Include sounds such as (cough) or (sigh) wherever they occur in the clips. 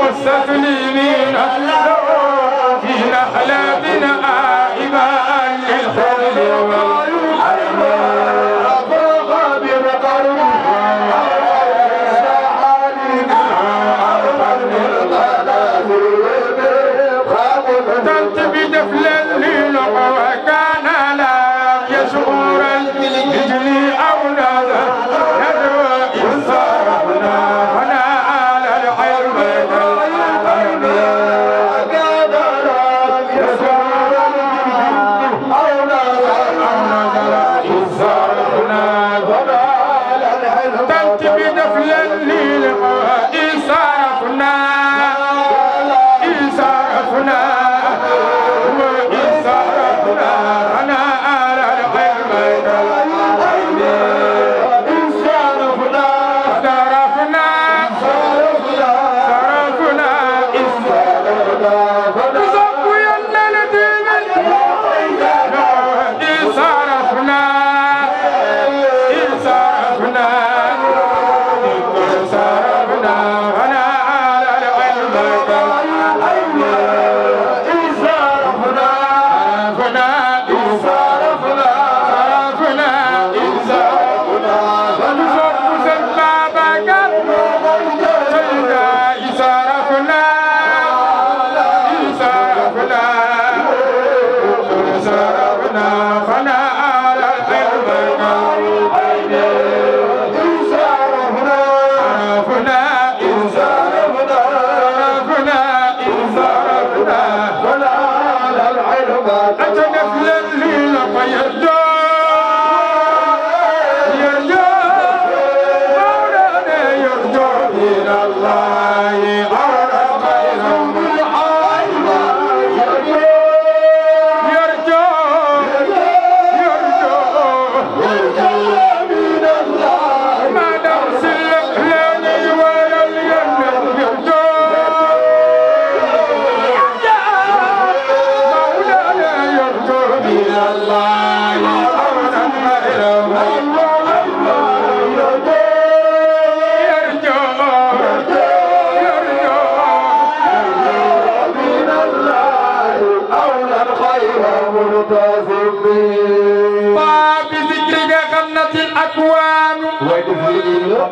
والسفلي من أهله في نخلة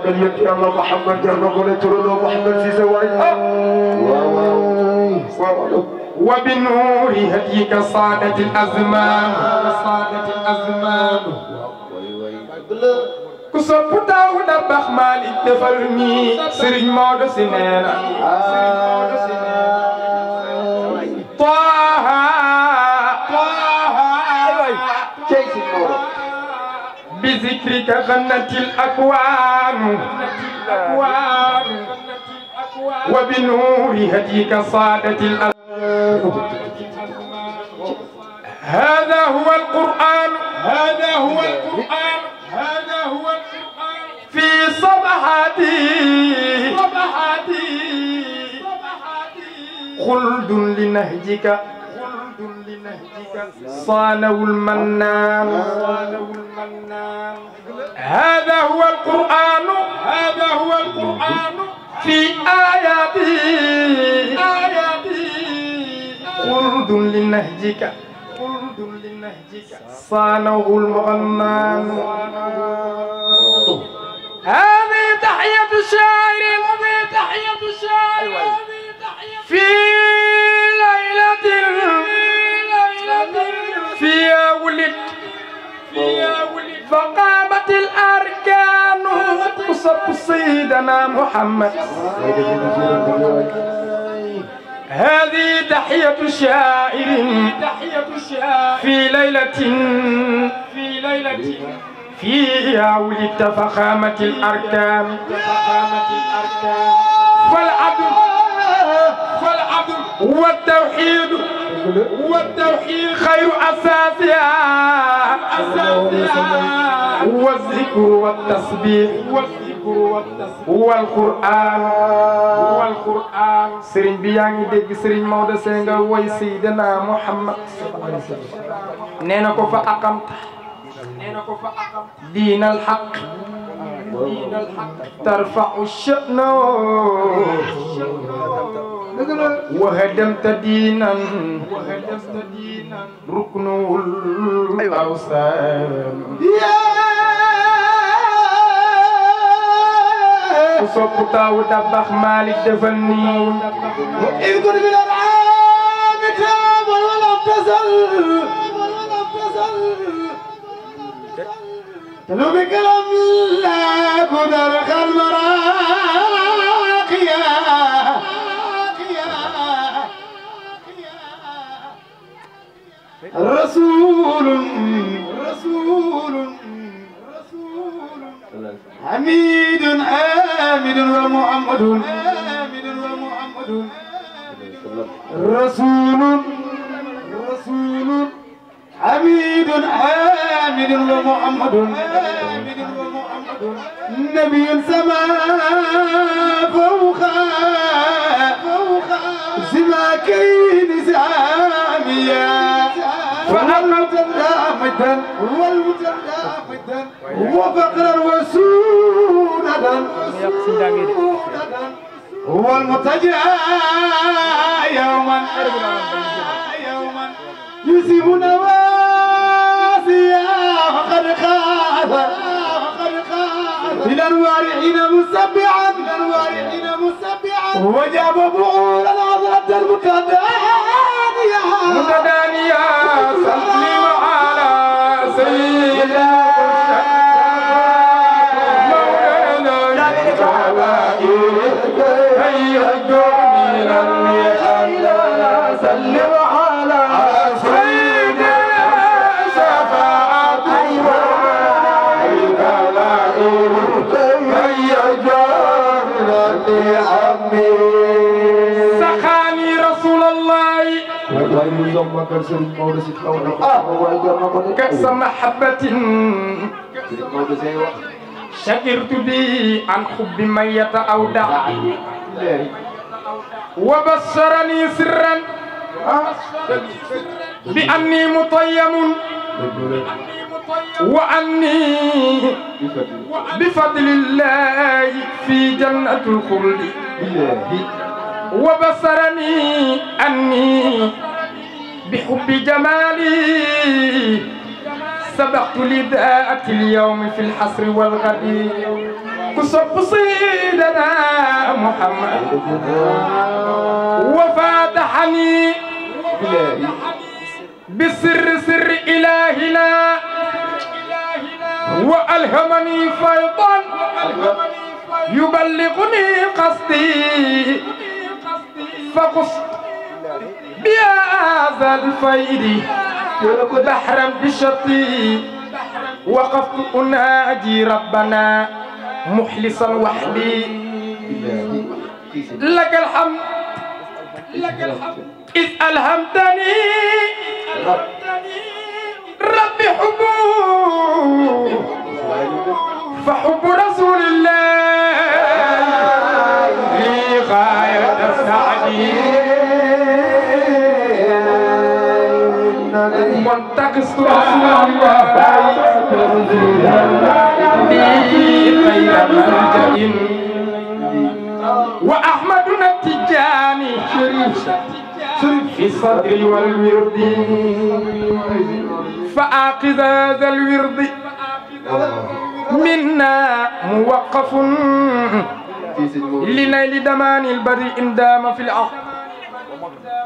màggal yëpp yàlla Mouhamed jar na ko ne turandoo Mouhamed Cissé waay ah waaw waaw. wa bi nuuri hadyika saadati azmaam saadati azmaam. ku sopp taaw na baax Malick defal nii Serigne Maodo si nee na. بذكرك غنت الأكوان وبنور هديك صادت الألوان هذا هو القرآن هذا هو القرآن هذا هو القرآن في صبحاتي صبحاتي خلد لنهجك صانوا المنان هذا هو القرآن هذا هو القرآن في آياته آياته قرد لنهجك قرد لنهجك صانوا المغنان هذه تحية الشاعر هذه تحية الشاعر في فيها ولد فقامت الأركان قصب سيدنا محمد هذه تحية شاعر في ليلة في ليلة فيها ولدت فخامة الأركان فالعدل فالعدل والتوحيد والتوحيد خير أساسها أساسها والذكر والتسبيح والقرآن والقرآن سرين بياني ديك سرين مودة سينغا وي سيدنا محمد نينا كو فأقمت دين الحق دين الحق ترفع الشأن وهدمت دينا ركن الأوثان وصوب تاو دبخ مالك دفني وإذ كنت من الأرعاب تاب ولم تزل تلو بكلام لا قدر خلمران رسول رسول حميد آمد ومحمد آمد ومحمد رسول رسول حميد آمد ومحمد آمد ومحمد نبي سما فوق فوق سما كين ساميا والمتلافتا والمتلافتا وفقرا وسودا والمتجع يوما يوما يسيب نواسيا وقد خاف إلى الوارحين مسبعا إلى الوارحين مسبعا وجاب بعورا عذرة المكذب متدانيا صلى waaye muy yokk waa kër Serigne Maodo si kaw na ko. ah waaye jar na ko de. kasa mahabbatin. Serigne Maodo say wax. shakirtu bi an xubbi man yata aw daa. wa basarani sirran. ah. bi anni mutayyamun. wa anni. bi fadlillahi fi jannatul xuldi. وبصرني أني بحب جمالي سبقت لذات اليوم في الحصر والغد كسب سيدنا محمد وفاتحني بسر سر إلهنا وألهمني فيضا يبلغني قصدي فقص بهذا الفيد بحرا بشطي وقفت أناجي ربنا مخلصا وحدي لك الحمد لك الحمد إذ ألهمتني ربي حبه فحب رسول الله لي غايه من تقص وأحمد التجاني شريف في الصدر والورد فآقذ ذا الورد منا موقف لنيل دمان البريء دام في العقل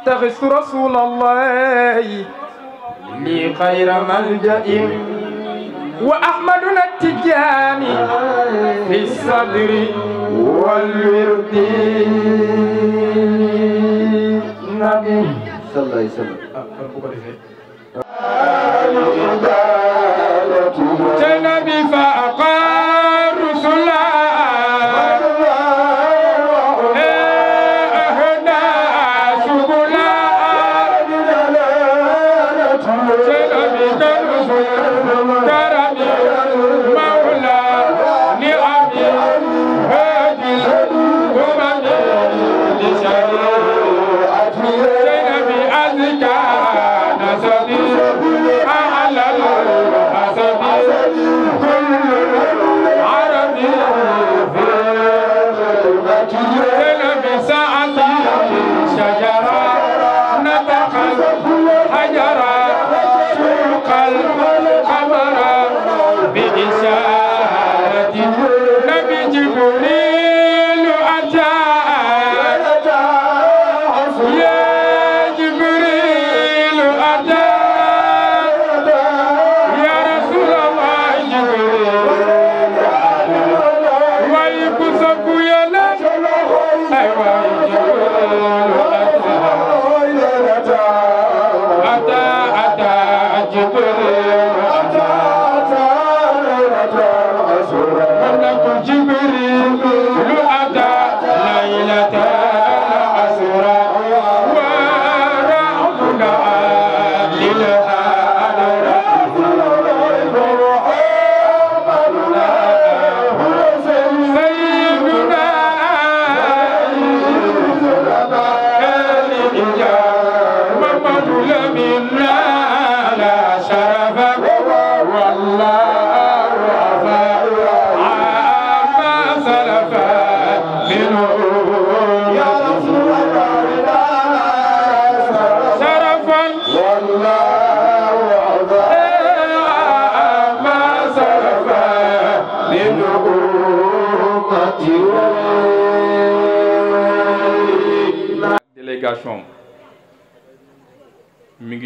تغس رسول الله لي خير ملجأ وأحمدنا التجاني في الصدر والورد نبي صلى الله عليه وسلم جنبي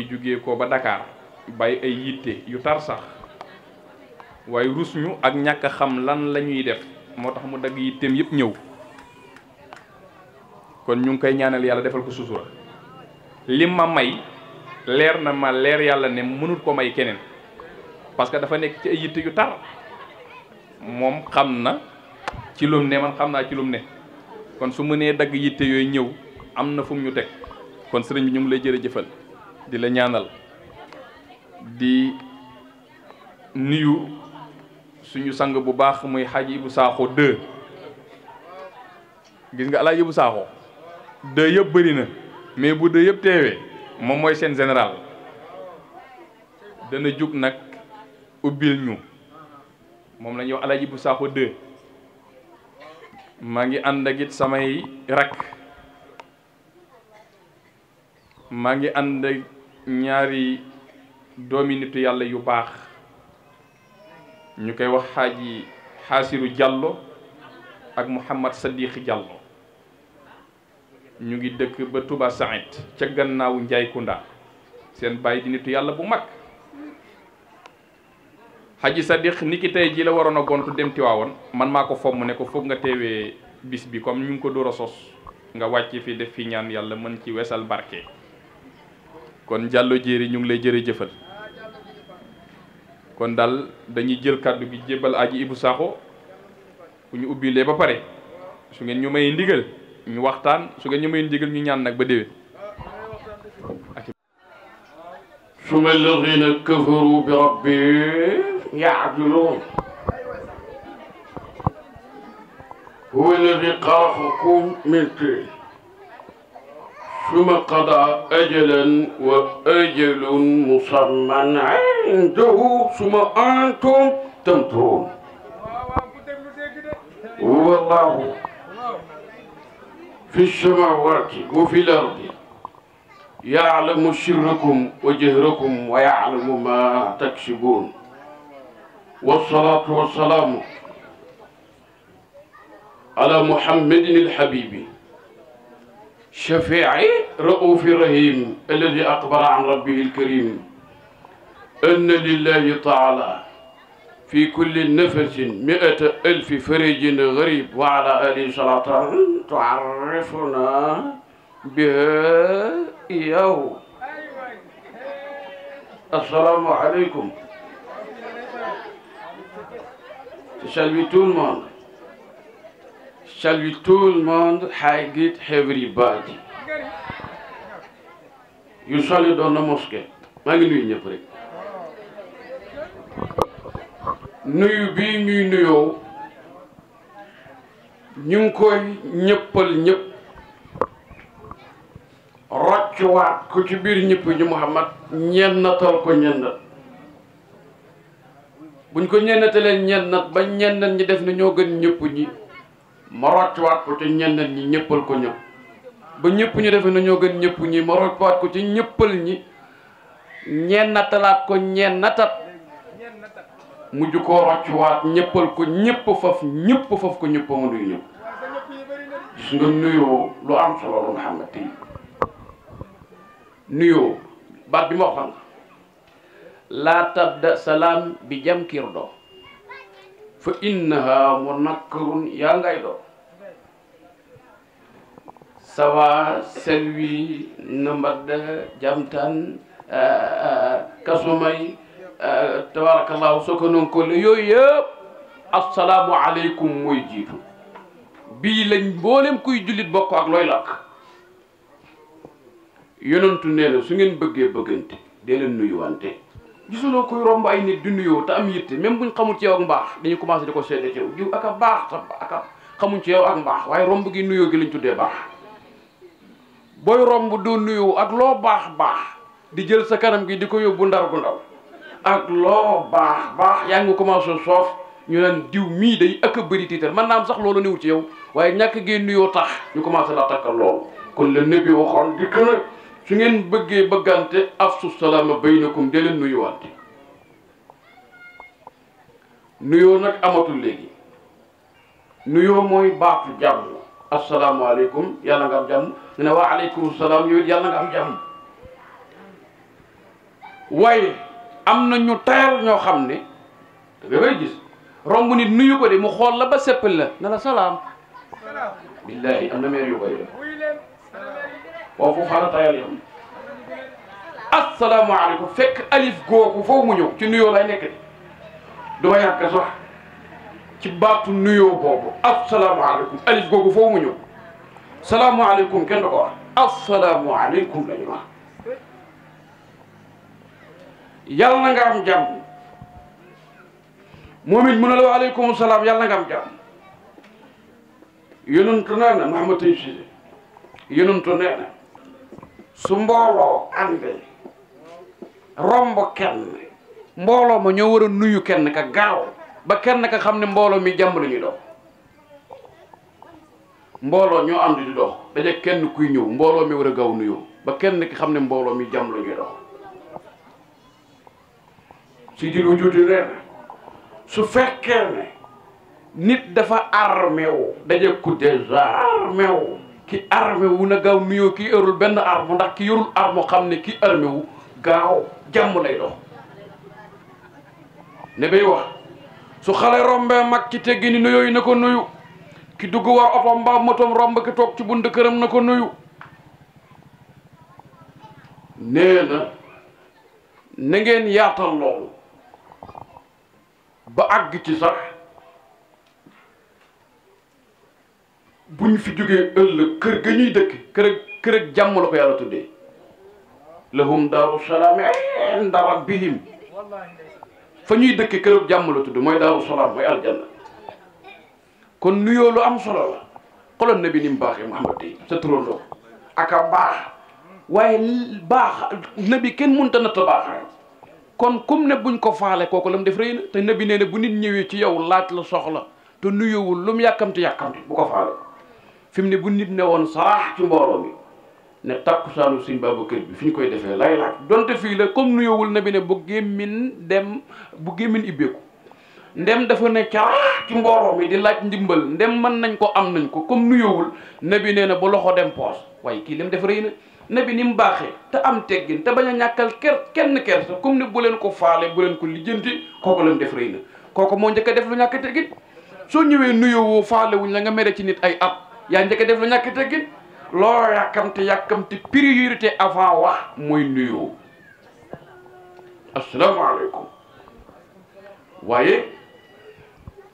jugee ko ba Dakar bàyyi ay yitte yu tar sax waaye rus ñu ak ñàkk xam lan lañuy def moo tax mu dagg yitteem yëpp ñëw kon ñu ngi koy ñaanal yàlla defal ko sutura li ma may leer na ma leer yàlla ne mënul ko may keneen parce que dafa nekk ci ay yitte yu tar moom xam na ci lum ne man xam naa ci lum ne kon su mënee dagg yitte yooyu ñëw am na fu ñu teg kon sëriñ bi ñu ngi lay jërëjëfal di la ñaanal di nuyu suñu sang bu baax muy xaj bu Saaxo 2 gis nga alaaj bu Saaxo 2 yëpp bëri na mais bu 2 yëpp teewee moom mooy seen général dana jug nag ubbil ñu moom la ñuy wax alaaj Ibu Saaxo 2 maa ngi ànd ak it samay rakk maa ngi ànd ak ñaari doomi nitu yàlla yu baax ñu koy wax xaaji xaasiru jàllo ak Mouhamad Sadiq Jàllo ñu ngi dëkk ba tubaa Saïd ca gannaaw Njaay Kunda seen bàyyi di nitu yàlla bu mag xaji Sadiq ni ki tey jii la waroon a gontu dem Tiwaawoon man maa ko fomm ne ko foog nga teewee bis bi comme ñu ngi ko door a sos nga wàcc fi def fi ñaan yàlla mën ci wesal barke kon Diallo Diéry ñu ngi lay jërëjëfal kon daal dañuy jël kàddu gi jébbal aji Ibou Sakho bu ñu ubbilee ba pare su ngeen ñu may ndigal ñu waxtaan su ngeen ñu may ndigal ñu ñaan nag ba déwén suma alladina kafaru bi rabbihim yaadiluun huwa alladi xalaqakum summa qada ajalan wa ajalun musamman indahu summa antum tamturun wallahu fi samawati wa fi lardi yalamu sirrakum wa jahrakum wa yalamu ma taksibun wassalatu wassalamu ala muhammadin alhabibi شفيعي رؤوف رحيم الذي أخبر عن ربه الكريم أن لله تعالى في كل نفس مئة ألف فرج غريب وعلى آله صلاة تعرفنا بها إياه السلام عليكم تسلمي tout le monde Salut tout le monde. I greet everybody. You solid on the mosquée. maa ngi nuyu ñëpp rek. nuyu bii ñuy nuyoo ñu ngi koy ñëppal ñëpp roccuwaat ko ci biir ñëpp ñu Muhammad ñennatal ko ñennat buñ ko ñennatalee ñennat ba ñennat ñi def na ñoo gën ñëpp ñi ma roccuwaat ko ci ñeneen ñi ñëppal ko ñëpp ba ñëpp ñu defee nañoo gën ñëpp ñi ma roccuwaat ko ci ñëppal ñi ñeen natalaat ko ñeen natat mujj koo roccuwaat ñëppal ko ñëpp faf ñëpp faf ko ñëpp ma nuyu ñëpp gis nga nuyoo lu am solo lu nga xam nga tey nuyoo baat bi ma waxoon laa tabda salaam bi jam kiir doo fa innaha munakkirun yaa ngay ɗo sawa selwi no mbaɗɗa jam tan kasumay tabarakallahu soko noon kolle yooyu yëpp assalamu aleykum mooy jiitu bii lañ mboolem kuy jullit bokk ak looy lakk yonentu nee na su ngeen bëggee bëggante dee leen nuyuwante gisuloo kuy romb ay nit di nuyoo te am yitte même buñ xamul ci yow ak mbaax dañuy commencé di ko seede ci yow diw ak a baax ta ak a xamuñ ci yow ak mbaax waaye romb gi nuyoo gi lañ tuddee baax booy romb doo nuyoo ak loo baax baax di jël sa kanam gi di ko yóbbu ndar gu ndaw ak loo baax baax yaa ngi commencé soof ñu naan diw mii day ak a bëri tiitar man naam sax loolu newul ci yow waaye ñàkk gee nuyoo tax ñu commencé la takkal loolu kon la nëbbi su ngeen bëggee bëggante afsu salaama baynakum de leen nuyuwante nuyoo nag amatul léegi nuyoo mooy baatu jàmm asalaamaaleykum yàlla nga am jàmm ñu ne waa aleykum salaam yow yàlla nga am jàmm waaye am na ñu tayal ñoo xam ne da ngay gis romb nit nuyu ko de mu xool la ba seppal la ne la salaam billaahi am na meer yu koy def foofu xala tayal yoon asalaamaaleykum fekk alif googu foofu mu ñëw ci nuyoo lay nekk di du ma yàgg ci baatu nuyoo boobu asalaamaaleykum alif googu foofu mu ñëw salaamaaleykum kenn du ko wax asalaamaaleykum la ñu wax yàlla na nga am jàmm moom it mu ne la waaleykum salaam yàlla na nga am jàmm yonent nee na na su mbooloo àndee romb kenn mbooloo ma ñoo war a nuyu kenn ka gaaw ba kenn ka xam ne mbooloo mi jàmm la ñuy dox mbooloo ñoo am di dox daje kenn kuy ñëw mbooloo mi war a gaaw nuyu ba kenn ki xam ne mbooloo mi jàmm la ñuy dox si di lu juuti reen su fekkee ne nit dafa armé wu daje ku désarmé ki armé wu na gaaw nuyoo ki yorul benn arme ndax ki yorul arme xam ne ki armé wu gaaw jàmm lay dox ne bay wax su xale rombee mag ci teggi ni nuyooyu na ko nuyu ki dugg war otom mbaa motom romb ki toog ci bunt këram na ko nuyu nee na na ngeen yaatal loolu ba àgg ci sax bu ñu fi jógee ëllëg kër ga ñuy dëkk kër ak kër ak jàmm la ko yàlla tuddee lahum daaru salaam inda rabbihim fa ñuy dëkk kër ak jàmm la tudd mooy daaru salaam mooy aljanna kon nuyoo am solo la xoloon na bi ni mu baaxee Muhammad tey sa turandoo ak a baax waaye baax nabi kenn mënta natt baax kon kum ne buñ ko faale kooku la mu def rëy na te nabi nee na bu nit ñëwee ci yow laaj la soxla te nuyowul lu mu yàkkamti yàkkamti bu ko faale fi mu ne bu nit ne woon saax ci mbooloo mi ne takkusaanu sëñ Babacar bi fi ñu koy defee lay laaj donte fii la comme nuyoowul na bi ne bu gémmin dem bu gémmin ibbeeku ndem dafa ne caax ci mbooloo mi di laaj ndimbal ndem mën nañ ko am nañ ko comme nuyoowul na bi nee na bu loxo dem poos waaye kii lim def rëy na na bi ni mu baaxee te am teggin te bañ a ñàkkal ker kenn kersa comme ni bu leen ko faale bu leen ko lijjanti kooku lim def rëy na kooku moo njëkk def ñàkk teggin soo ci nit ay at yaa njëkk def lu ñàkk teggin looloo yàkkamte yàkkamte priorité avant wax mooy nuyoo asalaamaaleykum waaye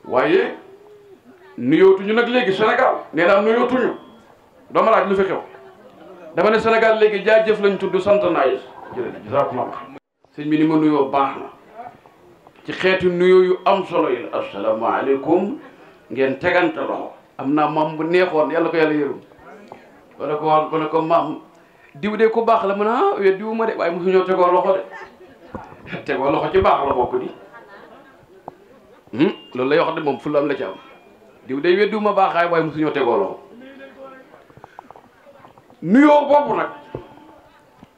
waaye nuyootuñu nag léegi Sénégal nee naa nuyootuñu doo ma laaj lu fi xew dama ne Sénégal léegi jaajëf lañ tudd sant naa yi jërëjëf jazakumullah sëñ bi ni ma nuyoo baax na ci xeetu nuyoo yu am solo yi asalaamaaleykum ngeen tegante loxo am naa maam bu neexoon yàlla ko yàlla yërëm ko ne ko woon ko ko maam diw de ku baax la mën a ah, wet diwu ma de waaye mosu tegoo loxo de (laughs) tegoo loxo ci baax la bokk di hmm? loolu lay wax de moom fu la am la ci am diw de wet diwu ma baaxaay waaye mosu ñoo tegoo loxo nuyoo boobu nag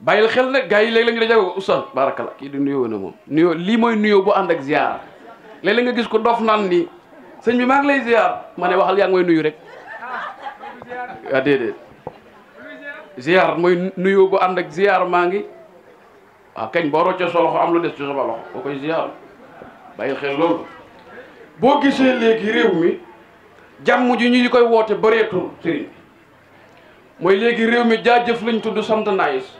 bàyyil xel nag gars yi léeg-léeg nga da jago ko oustaz barakala kii di nuyoo na moom nuyoo lii mooy nuyoo bu ànd ak ziar léeg-léeg nga gis ko dof naan nii sëñ bi maa lay ziar ma ne waxal yaa ngi nuyu rek ah déedéet ziar mooy nuyu bu ànd ak ziar maa ngi waaw ah, kañ boo roccee sa loxo am lu des ci boo koy ziar bàyyil xel loolu. boo gisee léegi réew mi jàmm ji ñu koy woote bëreetul sëriñ mooy léegi réew mi jaajëf lañ tudd sant naayis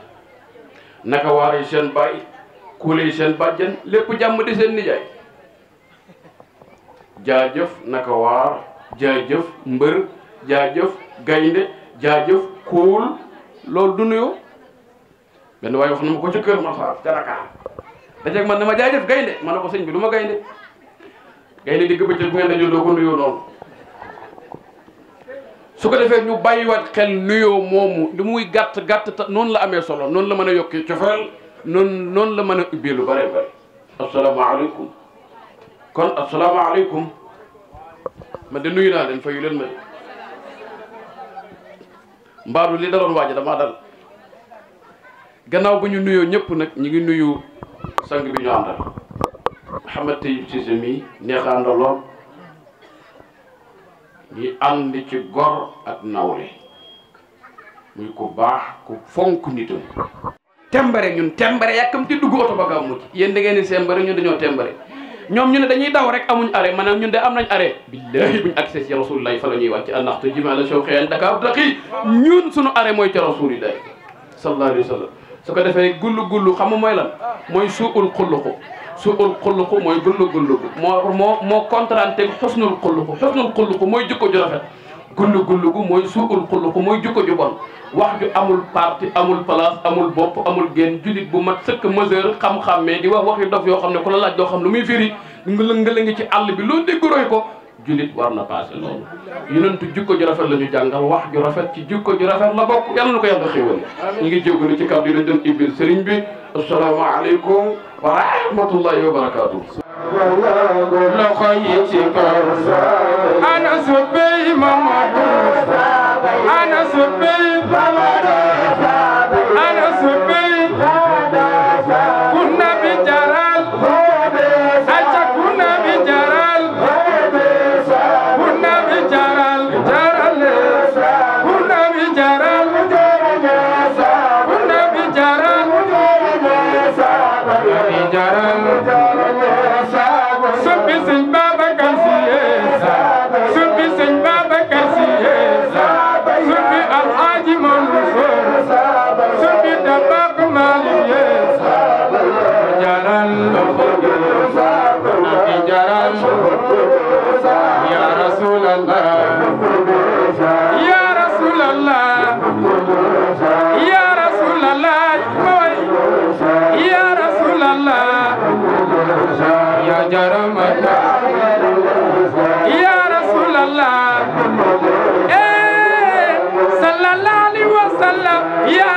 naka waar yi seen bàyyi kuule seen bàjjen lépp jàmm di seen nijaay. jaajëf naka waar jaajëf mbër jaajëf gaynde jaajëf kuul loolu du nuyu benn waaye wax na ma ko ca kër Masar ca Dakar man ne ma jaajëf gaynde ma ne ko sëñ bi lu ma gaynde gaynde digg bëccëg bu ngeen dajoo doo ko nuyoo noonu su ko defee ñu wat xel nuyoo moomu li muy gàtt gàtt noonu la amee solo noonu la mën a yokkee cofeel noonu la mën a ubbee lu bare bare asalaamaaleykum kon asalaamaaleykum man de nuyu naa leen fayu leen ma mbaaru li daloon waaja damaa dal gannaaw bu ñu nuyoo ñëpp nag ñu ngi nuyu sang bi ñu àndal Mouhamed Taïb Cissé mi neexaan la lool ñu ànd ci gor ak nawle muy ku baax ku fonk nitam tembare ñun tembare yàkkamti dugg oto ba gaaw mucc yéen da ngeen di sembare ñun dañoo tembare ñoom ñu ne dañuy daw rek amuñ arrêt maanaam ñun de am nañ arrêt billahi buñ accès ci rasulillahi fa la ñuy wàcc allah te jima la shawqi suñu arrêt mooy ca rasulillahi sallallahu alayhi wa sallam su ko defee gullu gullu xam nga mooy lan mooy suul xulluxu suul xulluxu mooy gullu gullu moo moo moo contranté xusnul xulluxu xusnul xulluxu mooy jikko ju rafet gullu gullu gu mooy suul xuluxu mooy jukko ju bon wax ju amul parti amul place amul bopp amul génn jullit bu mat sëkk mesure xam-xam mais di wax wax yu dof yoo xam ne ku la laaj doo xam lu muy firi ngëla ngi ci àll bi loo dégg roy ko jullit war na passé loolu yonentu jukko ju rafet la ñu jàngal wax ju rafet ci jukko ju rafet la bokk yàlla na ko yàlla xéwal ñu ngi jégalu ci kàddu yi lañ doon ibbil sëriñ bi asalaamaaleykum wa rahmatullahi wa barakaatu لو خيتي كوثر أنا سبي محبوسة Yeah!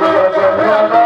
yàlla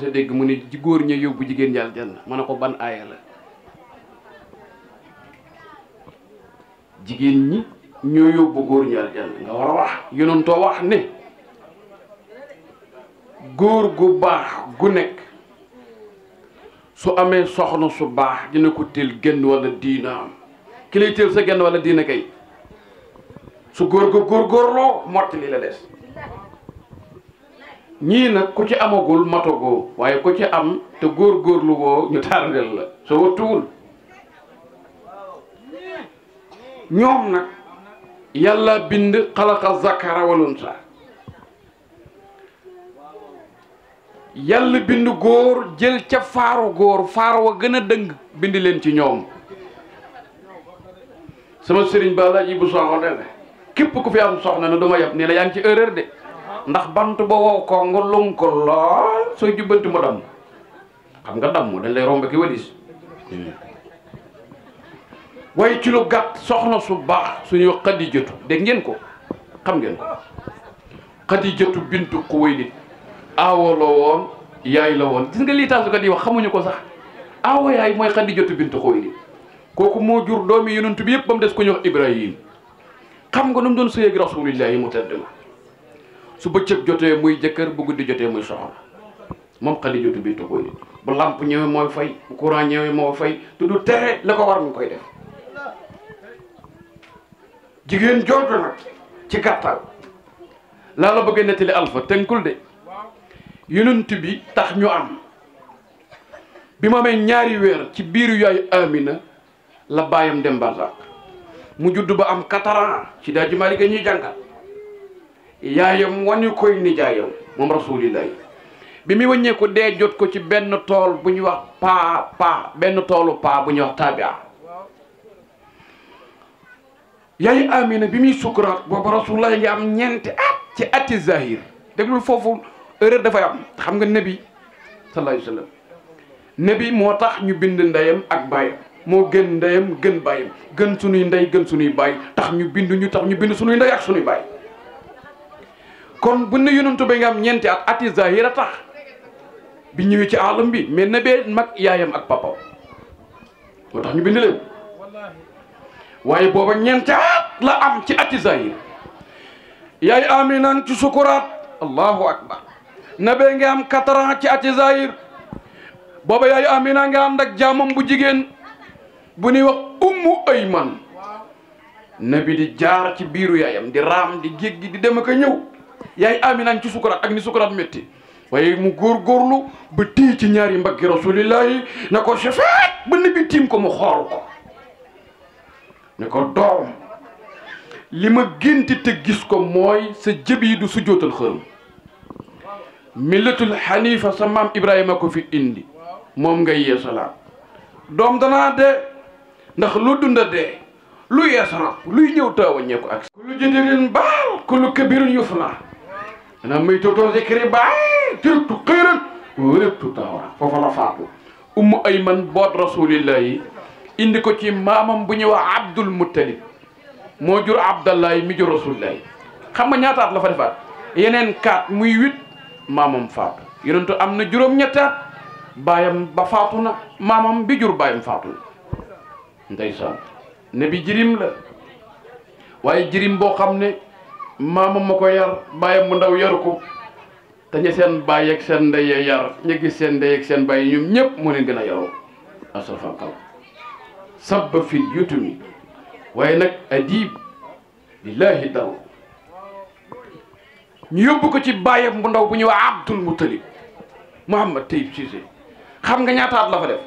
sa dégg mu ne ci góor ña yóbbu jigéen ñi aljanna ma ne ko ban aaya jigéen ñi ñoo yóbbu góor ñi aljanna nga war a wax yonentoo wax ne góor gu baax gu nekk su amee soxna su baax dina ko teel génn wala diina am ki lay sa génn wala diina kay su góor ga mott mottali la des ñii nag ku ci amagul matagoo waaye ku ci am te góor woo ñu tardel la soo wattuwul ñoom nag yàlla bind xalaqa zakara sa yàlla bind góor jël ca faaru góor faar wa gën a dëng bind leen ci ñoom sama sëriñ ba laaj yi bu soxla ne képp ku fi am soxna ne dama yab nii la yaa ngi ci erreur de ndax bant ba wow ko nga lun ko lool soo jubbanti mu damm xam nga damm dañ lay romb ki walis waaye ci lu gàtt soxna su baax suñuy wax Xadijatu dégg ngeen ko xam ngeen ko Xadijatu bintu ku Xuwaylid aawo la woon yaay la woon gis nga lii tànsukat yi wax xamuñu ko sax aawo yaay mooy Xadijatu bintu Xuwaylid kooku moo jur doomi yonent bi yëpp ba mu des ku ñuy wax Ibrahim xam nga nu mu doon sëy ak rasulillahi mu tedd ma su bëccëg jotee muy jëkkër bu guddi jotee muy soxna moom Xadijatu bintu Xuwaylid bu lamp ñëwee mooy fay bu courant moo fay te du tere la ko war mu koy def jigéen jooju nag ci gàttal laa la bëgg a nettali alfa tënkul de yonent bi tax ñu am bi mu amee ñaari weer ci biiru yaayu Amina la baayam dem barzak mu judd ba am quatre ci daa ji ñuy jàngal yaayam wani koy nijaayam moom rasulillahi bi muy wàññee ko dee jot ko ci benn tool bu ñu wax paa paa benn toolu paa bu ñuy wax tabia yaayu Amina bi muy sukuraat booba rasulillahi nga am ñeenti at ci ati zahir déglul foofu erreur dafay am xam nga nebi sallallahu alayhi wa moo tax ñu bind ndeyam ak baayam moo gën ndeyam gën baayam gën sunuy ndey gën sunuy baay tax ñu bind ñu tax ñu bind sunuy ndey ak sunuy baay kon bu ne yonantu ba nga am ñeenti at ati a tax bi ñëwee ci alam bi mais nabee mag yaayam ak papaw moo tax ñu bind leen waaye booba ñeenti at la am ci ati zahira yaay aminaan ci sukuraat allahu akbar na bee nga am quatre ci ati zahir booba yaayu amina nga am ak jaamam bu jigéen bu ñuy wax ummu ayman nabi di jaar ci biiru yaayam di raam di jéggi di dem ak a ñëw yaay amina ngi ci sukuraat ak ni sukuraat métti waaye mu góorgóorlu ba tii ci ñaari mbaggi rasulillahi na ko sefeet ba nabi tiim ko mu xool ko ne ko doom li ma génti te gis ko mooy sa jëb du sujjootal xërëm millatul xanifa sa maam ibrahima ko fi indi moom nga yeesalaat doom danaa dee ndax lu dunda dee lu yeesalaat luy ñëw taawa ñeeku ak ku lu jëndirin baal ku lu këbirun yufna ana may tootoo zikri baay tirtu xëyran wérëptu taawra foofa la faatu ummu ayman boot rasulillahi indi ko ci maamam bu ñuy wax abdul muttalib moo jur abdallahi mi jur rasulillahi xam nga ñaataat la fa defaat yeneen kaat muy huit maamam faatu yonentu am na juróom-ñetti at baayam ba faatu na maamam bi jur baayam faatu na ndeysaan ne bi jirim la waaye jirim boo xam ne maamam ma ko yar baayam mu ndaw yaru ko te ñi seen baay ak seen ndey yar ñi gis seen ndey ak seen baay ñoom ñëpp moo leen gën a yaroo asafankal sabba fi yutumi waaye nag adib billaahi daw ñu yóbbu ko ci bàyyam bu ndaw bu ñuy wax Abdul Muttalib Mouhamad Taïb Cissé xam nga ñaata at la fa def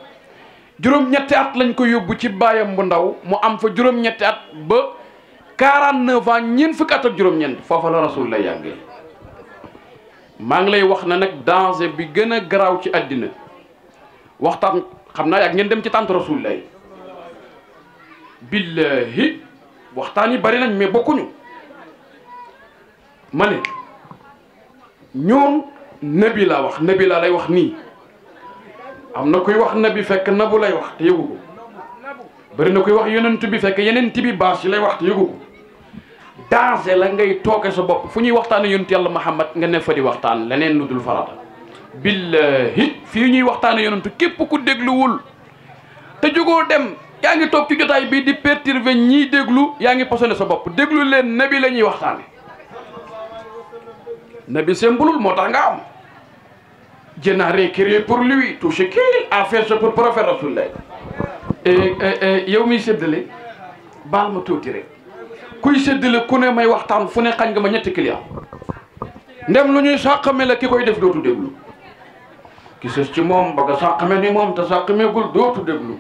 juróom-ñetti at lañ ko yóbbu ci bàyyam bu ndaw mu am fa juróom-ñetti at ba 49 ans ñeent fukki at ak juróom-ñeent foofa la rasul yàggee maa ngi lay wax na nag danger bi gën a garaaw ci àddina waxtaan xam naa yàgg ngeen dem ci tànt rasul lay waxtaan yi bari nañ mais bokkuñu ma ne ñoom nabi laa wax nabi laa lay wax nii am na kuy wax nabi fekk nabu lay wax te yëgu ko bëri na koy wax yonent bi fekk yeneen ti bi baas yi lay wax te yëgu ko danger la ngay tooge sa bopp fu ñuy waxtaane yonent yàlla Muhammad nga ne fa di waxtaan leneen lu dul farata billahi fii ñuy waxtaane yonentu képp ku dégluwul te jógoo dem kaa ngi toog ci jotaay bii di perturber ñiy déglu yaa ngi posone sa bopp déglu leen nabi la ñuy waxtaane ne bi sembulul moo tax nga am Dieu n'a rien créé pour lui tout si qu'il a fait c'est pour prophète Rasulullah yow mi séddale baal ma tuuti rek kuy séddale ku ne may waxtaan fu ne xañ nga ma ñetti client ndem lu ñuy sàqame la ki koy def dootu déglu ki sës ci moom ba nga sàqame ni moom te sàqameegul dootu déglu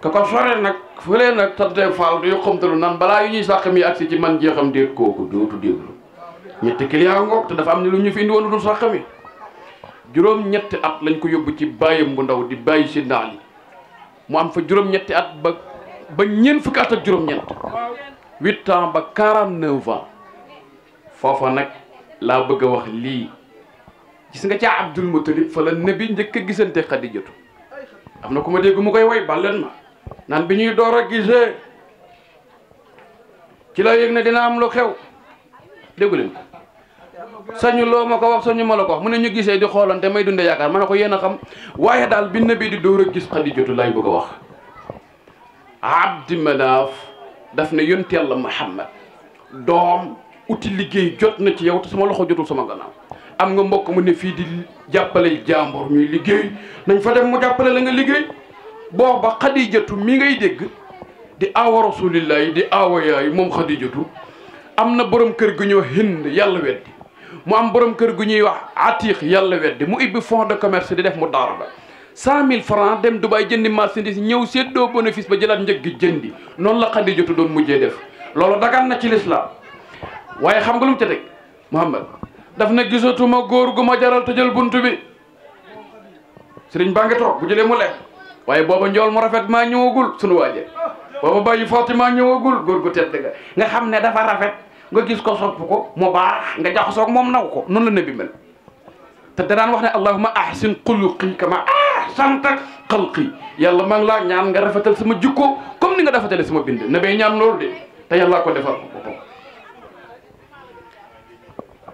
ka ko sore nag fële nag tante faal du yo xamtalu nan balaa yu ñuy sàqame ak si ci man jeexam déet kooku dootu déglu ñetti client ngoog te dafa am ne lu ñu fi indi woon lu sax xami juróom-ñetti at lañ ko yóbbu ci bàyyi bu ndaw di bàyyi si naal mu am fa juróom-ñetti at ba ba ñeent fukki at ak juróom-ñett huit ba quarante neuf ans foofa nag laa bëgg a wax lii gis nga caa Abdul Mutalib fa la nabi njëkk a gisante Xadijatu am na ku ma dégg mu koy woy bàlleen ma naan bi ñuy door a gisee ci la yëg ne dina am lu xew déggu leen sañu loo ma ko wax sañu ma la ko wax mu ne ñu gisee di xoolante may dunde yaakaar ma ne ko yéen a xam waaye daal bi nabi di dóor a gis xadi jotu laay bëgg a wax abdi manaaf daf ne yonti yàlla muhammad doom uti liggéey jot na ci yow te sama loxo jotul sama gannaaw am nga mbokk mu ne fii di jàppale jàmbur ñuy liggéey nañ fa dem mu jàppale la nga liggéey booba xadijatu mi ngay dégg di aawa rasulillahi di aawa yaay moom xadijatu am na borom kër gu ñoo hind yàlla weddi mu am borom kër gu ñuy wax atiq yàlla weddi mu ibbi fonds de commerce di def mu daara la cent mille francs dem Dubaay jëndi marchandise ñëw séddoo bénéfice ba jëlaat njëg gi jëndi noonu la xandi jotu doon mujjee def loolu dagan na ci lislaam waaye xam nga lu mu ca teg Muhammad daf na gisatuma góor gu ma jaral tëjal bunt bi sëriñ baa ngi toog bu jëlee mu lekk waaye booba njool mu rafet maa ñëwagul sunu waaje booba bàyyi Fatima maa ñëwagul góor gu tedd ga nga xam ne dafa rafet nga gis ko sopp ko moo baax nga soog moom naw ko noonu la nabi mel te danaan wax ne allahuma ahsin xuluqi kama ahsanta xalqi yàlla maa ngi laa ñaan nga rafetal sama jukkoo comme ni nga rafetale sama bind na bay ñaan loolu de te yàllaa ko defal ko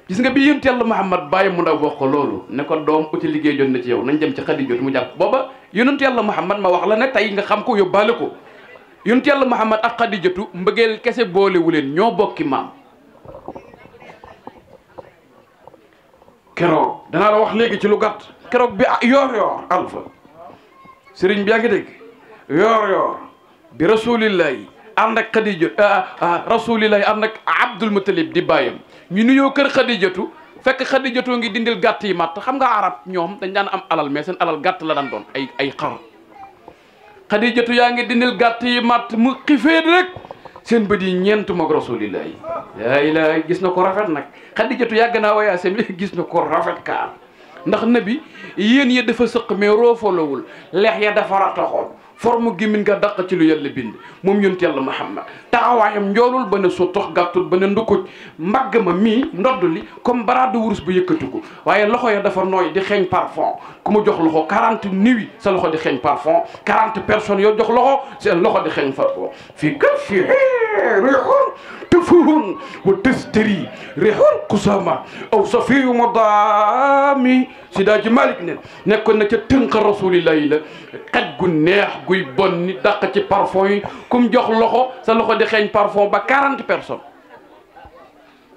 gis nga bi yént yàlla muhammad baay mu ndaw wax ko loolu ne ko doom ci liggéey jot na ci yow nañ dem ci xadi jot mu jàpp booba yonent yàlla muhammad ma wax la ne tey nga xam ko yóbbaale ko yonent yàlla muhammad ak xadi jotu mbëggeel kese boolewuleen ñoo bokki maam keroog dana la wax léegi ci lu gàtt keroog bi yoor-yoor alfa sëriñ bi yaa ngi dégg yoor-yoor bi rasulillahi ànd ak Khadija ah, ah, rasulillahi ànd ak Abdul Muttalib di bàyyam ñu nuyoo kër Khadijatu fekk Khadijatu ngi dindil gàtt yi matt xam nga arab ñoom dañ daan am alal mais seen alal gàtt la daan doon ay ay xar Khadijatu yaa ngi dindil gàtt yi matt mu xifee rek. seen bët yi ñeent mag rasulillahi laa ilaaha gis na ko rafet nag xadijatu yàgg naa wayaase mi (laughs) gis na ko rafet kaa ndax nabi yéen ya dafa sëq mais roofalowul leex ya dafa rataxoon forme gémmiñ nga daq ci lu yàlla bind moom yonent yàlla Muhammad taxawaayam njoolul ba ne su tox gàttul ba ne ndukkuj mbagg ma mii ndodd li comme baraadu wurus bu yëkkati waaye loxo ya dafa nooy di xeeñ parfum ku ma jox loxo quarante niwi sa loxo di xeeñ parfum quarante personnes yoo jox loxo seen loxo di xeeñ fa fii kat fii réexoon تفهم وتستري ريح القسامة أو صفي مضامي سيداج مالك نن نكون نتا تنك رسول الله لا قد gu neex guy bon ni dàq ci parfum yi kum jox loxo sa loxo di xeeñ parfum ba 40 personnes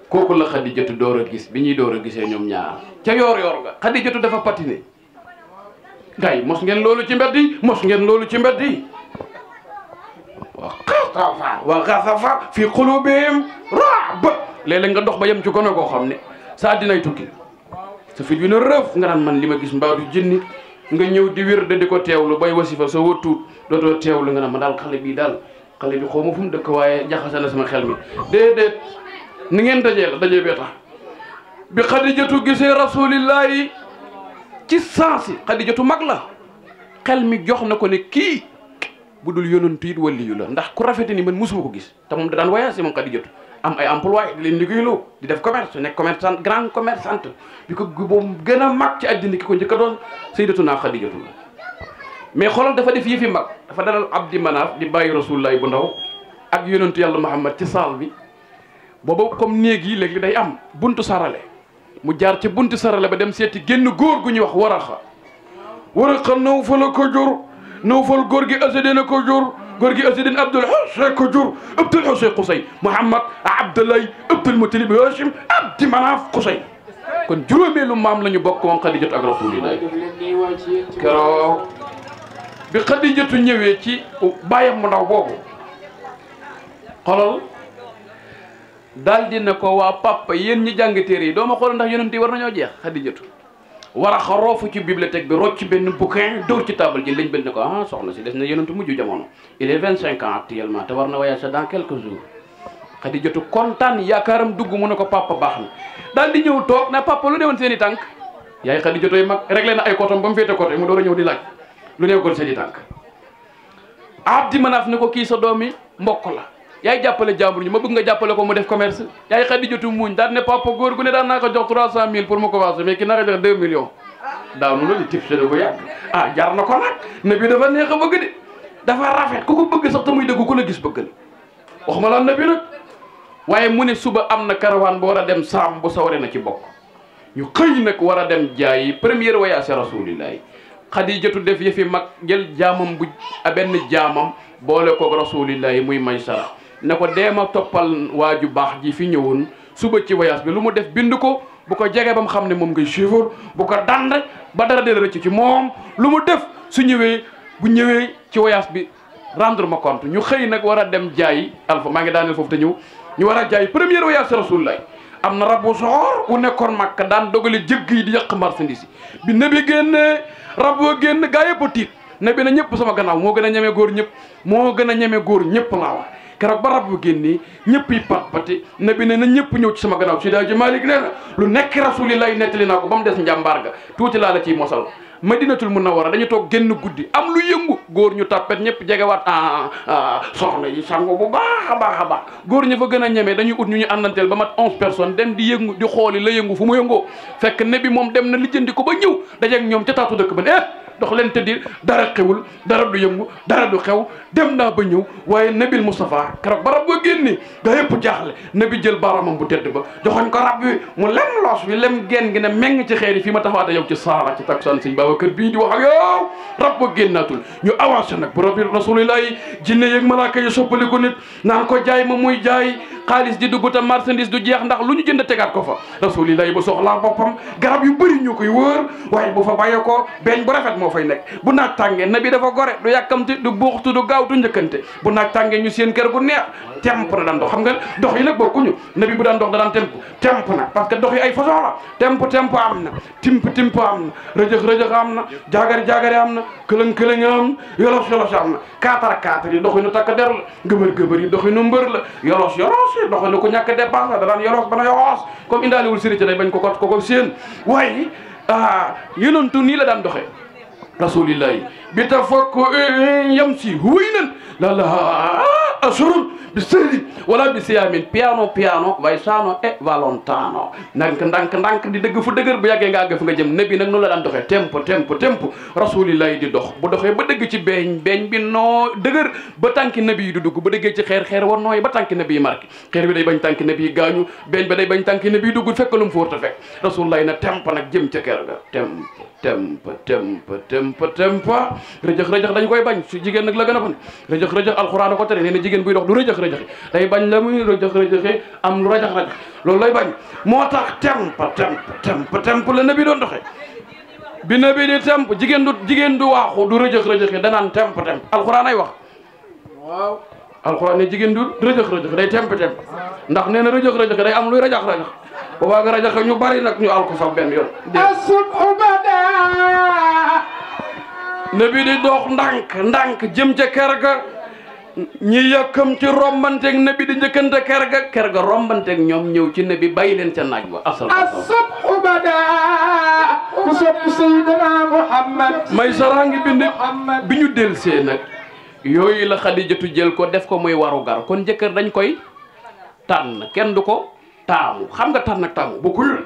kooku la Xadijatu door a gis bi ñuy door a gisee ñoom ñaar ca yoor-yoor nga Xadijatu dafa patiné gars mos ngeen loolu ci mbedd yi mos ngeen loolu ci mbedd yi wa xasafa fi qulubihim raab léeg-léeg nga dox ba yem ci gone koo xam ne sa dinay tukki sa fit bi na rëf nga naan man li ma gis mbaadu jinni nga ñëw di wér de di ko teewlu bay wasifa soo wëttuut dootoo lu nga naan ma daal xale bii daal xale bi xaw ma dëkk waaye jaxase na sama xel mi déedéet ni ngeen dajee la dajee bee tax bi xadijatu gisee rasulillahi ci saasi xadijatu mag la xel mi jox na ko ne kii bu dul yonantu it waliyu la ndax ku rafete ni man mosuma ko gis te moom da daan voyage moom Khady Diatou am ay emploi di leen liggéeyloo di def commerce nekk commerçant grand commerçante bi ko boobu gën a mag ci àddina ki ko njëkk a doon Sayyidatuna Khady Diatou la mais xoolal dafa def yëfi mag dafa dalal Abdi Manaf di bàyyi Rasulullah bu ndaw ak yonantu yàlla Muhammad ci saal bi boobu comme néeg yi léegi day am buntu sarale mu jaar ci buntu sarale ba dem seeti génn góor gu ñuy wax waraxa waraxa naw fa la ko jur Nawfal góor gi Asadin ko jur góor gi Asadin Abdul Xusay ko jur Abdul Xusay Xusay Muhammad Abdalay Abdul Mutalib Hashim Abdi Manaaf Xusay kon juróomeelu maam la ñu bokk moom Xadijatu ak Rasulillah keroog bi Xadijatu ñëwee ci bàyyam mu ndaw boobu xolal daal di ko waa papa yéen ñi jàng téere yi doo ma xool ndax yonent di war nañoo jeex Xadijatu warax roofu ci bibliothèque bi rocc benn bouquin dóor ci taabal ji lañ bël ne ko ah soxna si des na yonentu mujj jamono il est vingt cinq ans actuellement te war na voyager dans quelques jours xadi jotu kontaan yaakaaram dugg mu ne ko papa baax na daal di ñëw toog na papa lu newoon seen i tànk yaay xadi jotoy mag réglé na ay kotom ba mu féete côté mu door a ñëw di laaj lu neegoon seen i tànk Abdi Manaf ne ko kii sa doomi mbokk la yaay jàppale jàmbur ñu ma bëgg nga jàppale ko mu def commerce yaay xadi jotu muuñ daan ne papa góor gu ne daan naa ko jox trois cent mille pour mu commencé mais ki naka jox deux millions daanu la di tif se ko yàgg ah jar na ko nag ne bi dafa neex a bëgg de dafa rafet ku ko bëgg sax te muy dëgg ku la gis bëgg la waxuma la ne bi nag waaye mu ne suba am na karawaan bu war a dem saam bu saware na ci bokk ñu xëy nag war a dem jaayi première voyage rasulillahi xadijatu def fi mag jël jaamam bu benn jaamam boole koog rasulillahi muy maysara ne ko deema toppal waaju baax ji fi ñëwoon suba ci voyage bi lu mu def bind ko bu ko jege ba mu xam ne moom nga suivre bu ko dand ba dara dee rëcc ci moom lu mu def su ñëwee bu ñëwee ci voyage bi rendre ma compte ñu xëy nag war a dem jaay alfa maa ngi daaneel foofu te ñëw ñu war a jaay première voyage rasulullah am na rabu soxor bu nekkoon màkk daan dogale jëgg yi di yàq marchandise yi bi nabi génnee rab wa génn gaa yëpp a tiit nabi na ñëpp sama gannaaw moo gën a ñeme góor ñëpp moo gën a ñeme góor ñëpp laa wax keroog ba rab bu génnee ñëpp yi pat pati na ne na ñëpp ñëw ci sama gannaaw si daa ji Malick nee na lu nekk rasulillahi nettali naa ko ba mu des njàmbaar ga tuuti laa la ciy mosal madinatul munawwara dañu toog génn guddi am lu yëngu góor ñu tàppet ñëpp jegewaat ah, ah, ah soxna yi sango bu baax a baax góor ñi fa gën a ñemee dañuy ut ñu ñu àndanteel ba mat onze personnes dem di yëngu di xooli la yëngu fu mu yëngoo fekk ne bi moom dem na lijjanti ko ba ñëw dajeeg ñoom ca taatu dëkk ba ne eh, dox leen tëddi dara xewul dara du yëngu dara du xew dem naa ba ñëw waaye nabil Moustapha keroog barab ba génne ga yëpp jaaxle nabi jël baramam bu tedd ba joxoñ ko rab wi mu lem loos wi lem geen gi ne meng ci xeer yi fii ma taxawaate yow ci saara ci takkusaan sëñ Babacar bii di wax rab ba génnaatul ñu avancé nag bu rabbi rasulillah yi jinne yeeg malaaka yi soppali ko nit naan ko jaay ma muy jaay xaalis di dugg te marchandise du jeex ndax lu ñu jën tegaat ko fa rasulillah yi bu soxlaa boppam garab yu bëri ñu koy wër waaye bu ko beñ bu rafet moo fay nekk bu naaj tàngee na bi dafa gore du yàkkamti du buuxtu du gaawtu njëkkante bu naaj tàngee ñu seen kër gu neex temp na daan dox xam nga dox yi nag bokkuñu na bi bu daan dox daan temp temp na parce que ay façon temp temp am na timp timp am na rëjëx rëjëx am na jaagari jaagari am na këlëng këlëng am yolos yolos am na kaatar kaatar yi dox nu takk der la gëbër gëbër yi dox nu mbër la yolos yolos yi nu ko ñàkk dépense la daan yolos bana rasulillahi bi tafakkurin yamsi huynan lalaha asurun bi sirri wala bi siyamin piano piano way sano e valontano ndank ndank ndank di dëgg fu dëgër bu yàggee nga àgg fu nga jëm nabi nag noonu la daan doxee tempo tempo tempo rasulillahi di dox bu doxee ba dëgg ci beeñ beeñ bi noo dëgër ba tànki nabi di dugg ba dëggee ci xeer xeer war nooy ba tànki nabi yi marqué xeer bi day bañ tànki nabi yi gaañu beeñ ba day bañ tànki nabi dugg fekk lu mu fóorta fekk na tempo nag jëm ca kër ga tempo tëmp tëmp tëmp tëmpa rëjëx rëjëx dañ koy bañ su jigéen nag la gën a bon rëjëx rëjëx alxuraan ko tere nee na jigéen buy dox du rëjëx rëjëxi day bañ la muy rëjëx rëjëxi am lu rajax rajax loolu lay bañ moo tax tëmp tëmp tëmp tëmp la nabi doon doxee bi nabi di tëmp jigéen du jigéen du waaxu du rëjëx rëjëxi danaan tëmp tëmp alxuraan ay wax waaw alxuraan ne jigéen du rëjëx rëjëx day temp temp ndax nee na rëjëx rëjëx day am luy rajax rajax waa nga rajax ñu bari nag ñu alko sax benn yoon asubhu bada ne bi di dox ndànk ndànk jëm ca kër ga ñi yëkkam ci rombanteeg ne bi di njëkkante ker ga kër ga rombanteeg ñoom ñëw ci ne bi bàyyi leen ca naaj wa asal asubhu bada ku sopp sayyidina muhammad may saraa ngi bind bi ñu del see nag yooyu la xadijatu jël ko def ko muy waru gar kon jëkkër dañ koy tànn kenn du ko taamu xam nga tànn ak taamu bokkul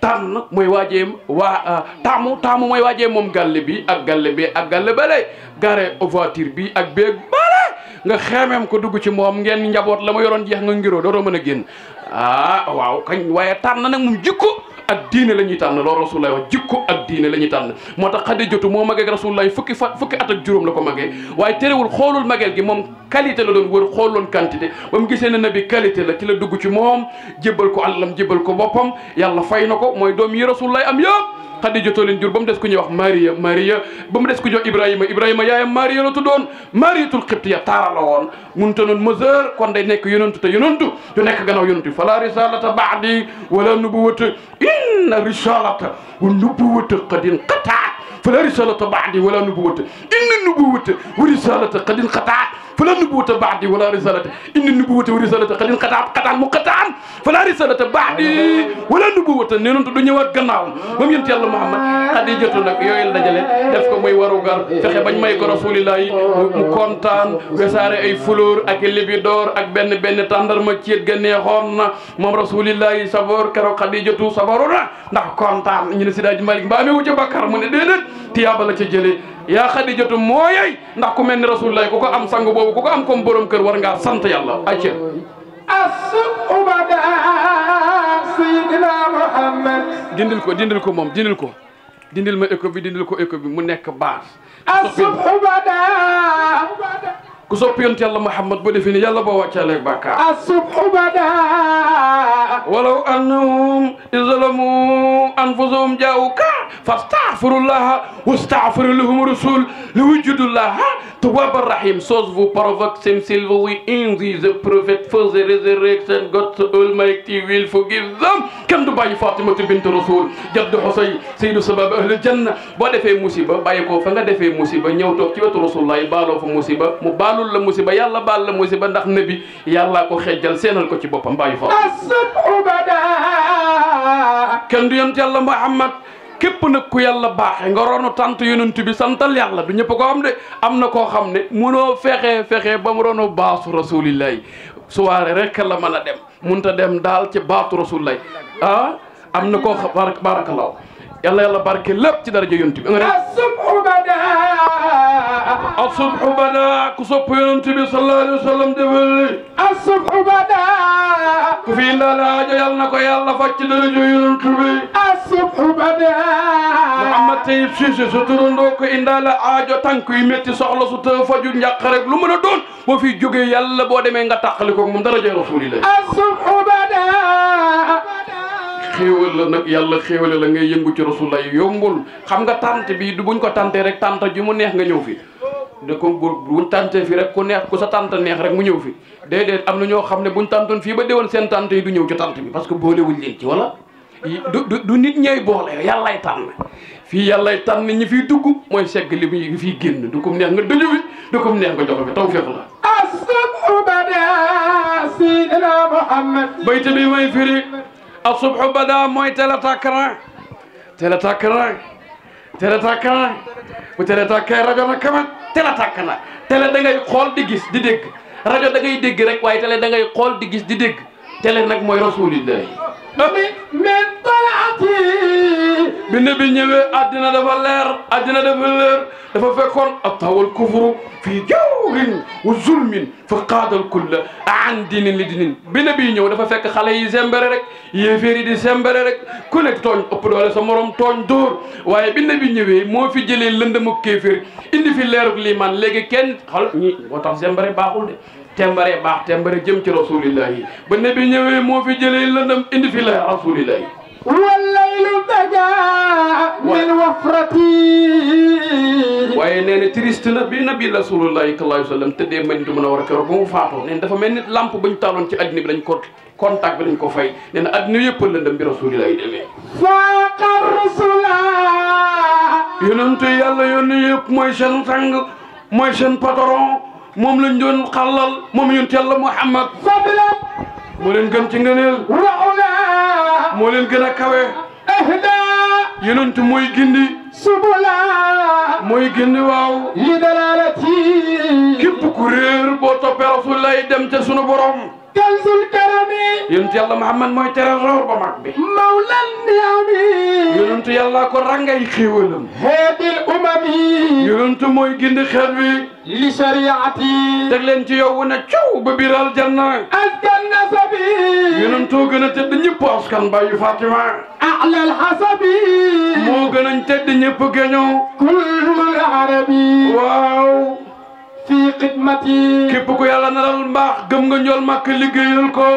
tànn mooy waajee waa euh, taamu taamu mooy waajee moom gàlle bi ak gàlle bi ak gàlle bale gare voiture bi ak béeg bale nga xeemeem ko dugg ci moom ngeen njaboot la ma yoroon jeex nga ngiroo dootoo mën a génn ah, waaw kañ waaye tànn nag moom jikko ak diine la ñuy tànn loolu rasulullah wax jikko ak diine la ñuy tànn moo tax xadijatu moo magee ak rasulullah fukki fa fukki at ak juróom la ko magee waaye terewul xoolul mageel gi moom qualité la doon wër xooloon quantité ba gisee ne nabi qualité la ci la dugg ci moom jébbal ko àllam jébbal ko boppam yàlla fay na ko mooy doom yi rasulullah am yëpp xadijatoo leen jur ba mu des ku ñuy wax Maria Maria ba mu des ku ñuy wax Ibrahima Ibrahima yaayam Maria la tuddoon Mariatul Xibtiya taara la woon munta noon mesure kon day nekk yonantu te yonantu du nekk gannaaw yonantu fala risalata baadi wala nubuwata inna risalata wa nubuwata qadin qataat fala risalata baadi wala nubuwata inna nubuwata wa risalata qadin qataat fala nubuwata baadi wala risalata inni nubuwata wa risalata xalin xataan xataan mu xataan fala risalata baadi wala nubuwata nee noon te du ñëwaat gannaawam moom yent yàlla Muhammad Xadijatu nag yooyu la dajale def ko muy warugar fexe bañ may ko rasulillahi mu kontaan wesaare ay fleur ak libidoor ak benn benn tàndarma ciit ga neexoon na moom rasulillahi saboor keroog Xadijatu saboru na ndax kontaan ñu ne si daaji Malik mbaa amee wu ca bakkar mu ne déedéet la ca jëlee yaa xadijatu mooyey ndax ku mel ni rasulullah ku ko am sang boobu ku ko am comme borom kër war ngaa sant yàlla acca asubada sayidina muhammad dindil ko dindil ko moom dindil ko dindil ma écho bi dindil ko écho bi mu nekk baas asubada ku sopp yonent yàlla Muhammad ba defe ni yàlla boo wàccaaleeg bàkkaar asubhu bada walaw annahum izalamu anfusahum jaawuka fastaghfirullaha wastaghfir lahum rasul liwajidullaha tawwaban rahim Chose vous provoque sincerely in thee the prophet for the resurrection God the Almighty will forgive them kenn du bàyyi Fatimatu bint rasul jaddu Husayn sayyidu sabab ahli janna boo defee musiba bàyyi ko fa nga defee musiba ñëw toog ci wetu rasulullah baaloo fa musiba mu baaloo baalul la musiba yàlla baal la musiba ndax nabi yàllaa ko xejjal seenal ko ci boppam bàyyi fa kenn du yonent yàlla Muhammad képp nag ku yàlla baaxe nga roonu tant yonent bi santal yàlla du ñëpp ko xam de am na koo xam ne munoo fexe fexe ba mu roonu baasu rasulillahi soirée rek la mën a dem munta dem daal ci baatu rasulillahi ah am na koo xam barakallahu yàlla yàlla barke lépp ci daraja yonent bi الصبح بدا كسب ينتبه صلى الله عليه وسلم دفل الصبح بدا كفي لا لا جيال نكو يالا فاتش درجو ينتبه الصبح بدا محمد تيب شيشي سترون دوكو اندالا آجو تنكو يمتي سخلا ستر فجو نجاقرق لمن دون وفي جوغي يالا بودي منغا تقلقو من درجة رسول الله الصبح بدا xéewal la nag yàlla xéewale la ngay yëngu ci rasulullah yombul xam nga tante bi buñ ko tantee rek tante ju mu neex nga ñëw fi de ko buñ tantee fi rek ku neex ku sa tante neex rek mu ñëw fi déedéet am na ñoo xam ne buñ tantoon fii ba déwoon seen tante yi du ñëw ci tante bi parce que boolewuñ leen ci wala du du nit ñooy boole yàllaay tànn fii yàllaay tànn ñi fiy dugg mooy segg li muy fiy génn du ko neex nga dëju du ko neex nga joxe bi taw féex asubhu bada mooy teel a tàkk na teel a tàkk na teel a tàkk na bu teel a tàkkee rajo na kamat teel a tàkk na teel da ngay xool di gis di dégg rajo da ngay dégg rek waaye teel da ngay xool di gis di dégg télé nag mooy rasulillahi ami min talaati bi ne bi ñëwee addina dafa leer addina dafa leer dafa fekkoon atawal kufru fii jawrin wa zulmin fa qaadal kulla an dinin li dinin bi ne bi ñëw dafa fekk xale yi sembere rek yéeféer yi di sembere rek ku nekk tooñ ëpp doole sa moroom tooñ dóor waaye bi ne bi ñëwee moo fi jëlee lëndëmu kéeféer indi fi leeruk liimaan léegi kenn xal ñi moo tax sembere baaxul de tembare baax tembare jëm ci rasulillahi ba nabi ñëwee moo fi jëlee lëndëm indi fi la rasulillahi wallaylu daja min wafrati waaye nee na triste na bi nabi rasulullahi sallallahu alayhi wa sallam tëddee Madinatu Munawwara keroog ba mu faatoo nee dafa mel ni lampe ba ñu taaloon ci addina bi dañ ko contact bi dañ ko fay nee na addina yëpp lëndëm bi rasulillahi demee faaqa rusula yonente yàlla yónni yëpp mooy seen sang mooy seen patron moom lañ doon xàllal moom yonent yàlla Muhammad moo leen gën ci ngëneel moo leen gën a kawe yonent mooy gindi subula mooy gindi waaw li dalalati képp ku réer boo toppee rasulullah dem ca sunu borom kanzul karami yonent yàlla Muhammad mooy trésor ba mag bi mawlan niami yonent yàlla ko rangay xéewalam heedil umami yonent mooy gindi xeet wi li shariati teg leen ci yow wane coow ba biral janna askan nasabi yenen too gën a tedd ñëpp askan bàyyi Fatima alal hasabi moo gën a tedd ñëpp gëñoo kullul arabi waaw fii xidmati képp ku yàlla naral mbaax gëm nga ñool màkk liggéeyal ko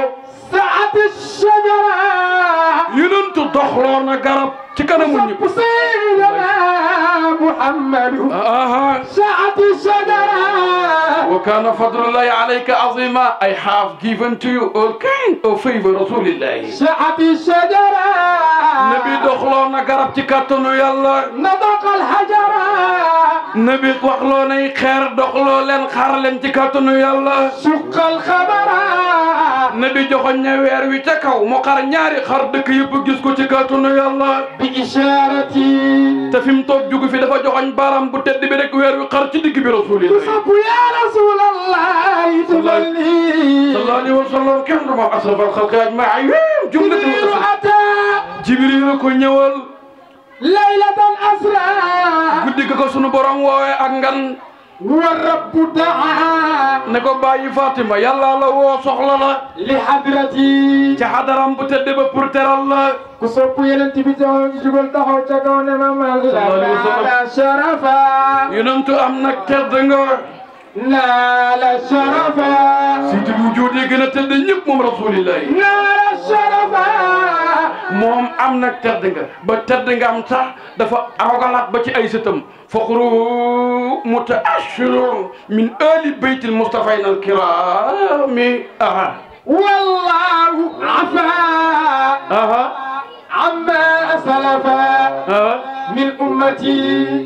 saati shajara yenen tu doxloo garab ci kanamu ñi sopp sayyidina muhammadu ah, ah, ah. saati sadara wa kana fadlullahi alayka azima i have given to you all kind of favor rasulillahi saati sadara nabi doxloo na garab ci kàttanu yàlla nadaqal hajara nabi waxloo nay xeer doxloo leen xaar leen ci kàttanu yàlla suqal xabara nabi joxoñ na weer wi ca kaw mu xar ñaari xar dëkk yëpp gis ko ci kàttanu yàlla bi ishaarati te fi mu toog jugu fi dafa joxoñ baram bu tedd bi rek weer wi xar ci digg bi rasulillah sabu ya rasulallahi tuballi sallallahu alayhi wa sallam kenn du ma asrafal xalqi ajmaïn jumlatul ata jibril ko ñëwal laylatan asra guddi ko sunu borom woowee ak ngan huwa rabbu daa ne ko bàyyi Fatima yàlla la woo soxla la li hadrati ca hadaram bu tedd ba pour teral la ku sopp yonent bi taxaw jugal taxaw ca kaw ne ma ma la sharafa yonentu am nag tedd nga naa la sharafa. siitu wujuud yi gën a tedd ñëpp moom rasulillahi. naa la sharafa. moom am na tedd nga ba tedd nga am sax dafa rogalaat ba ci ay sëtam faxru mutaashirun min ali baytil mustafayna wallahu afaa. aha. salafa min ummati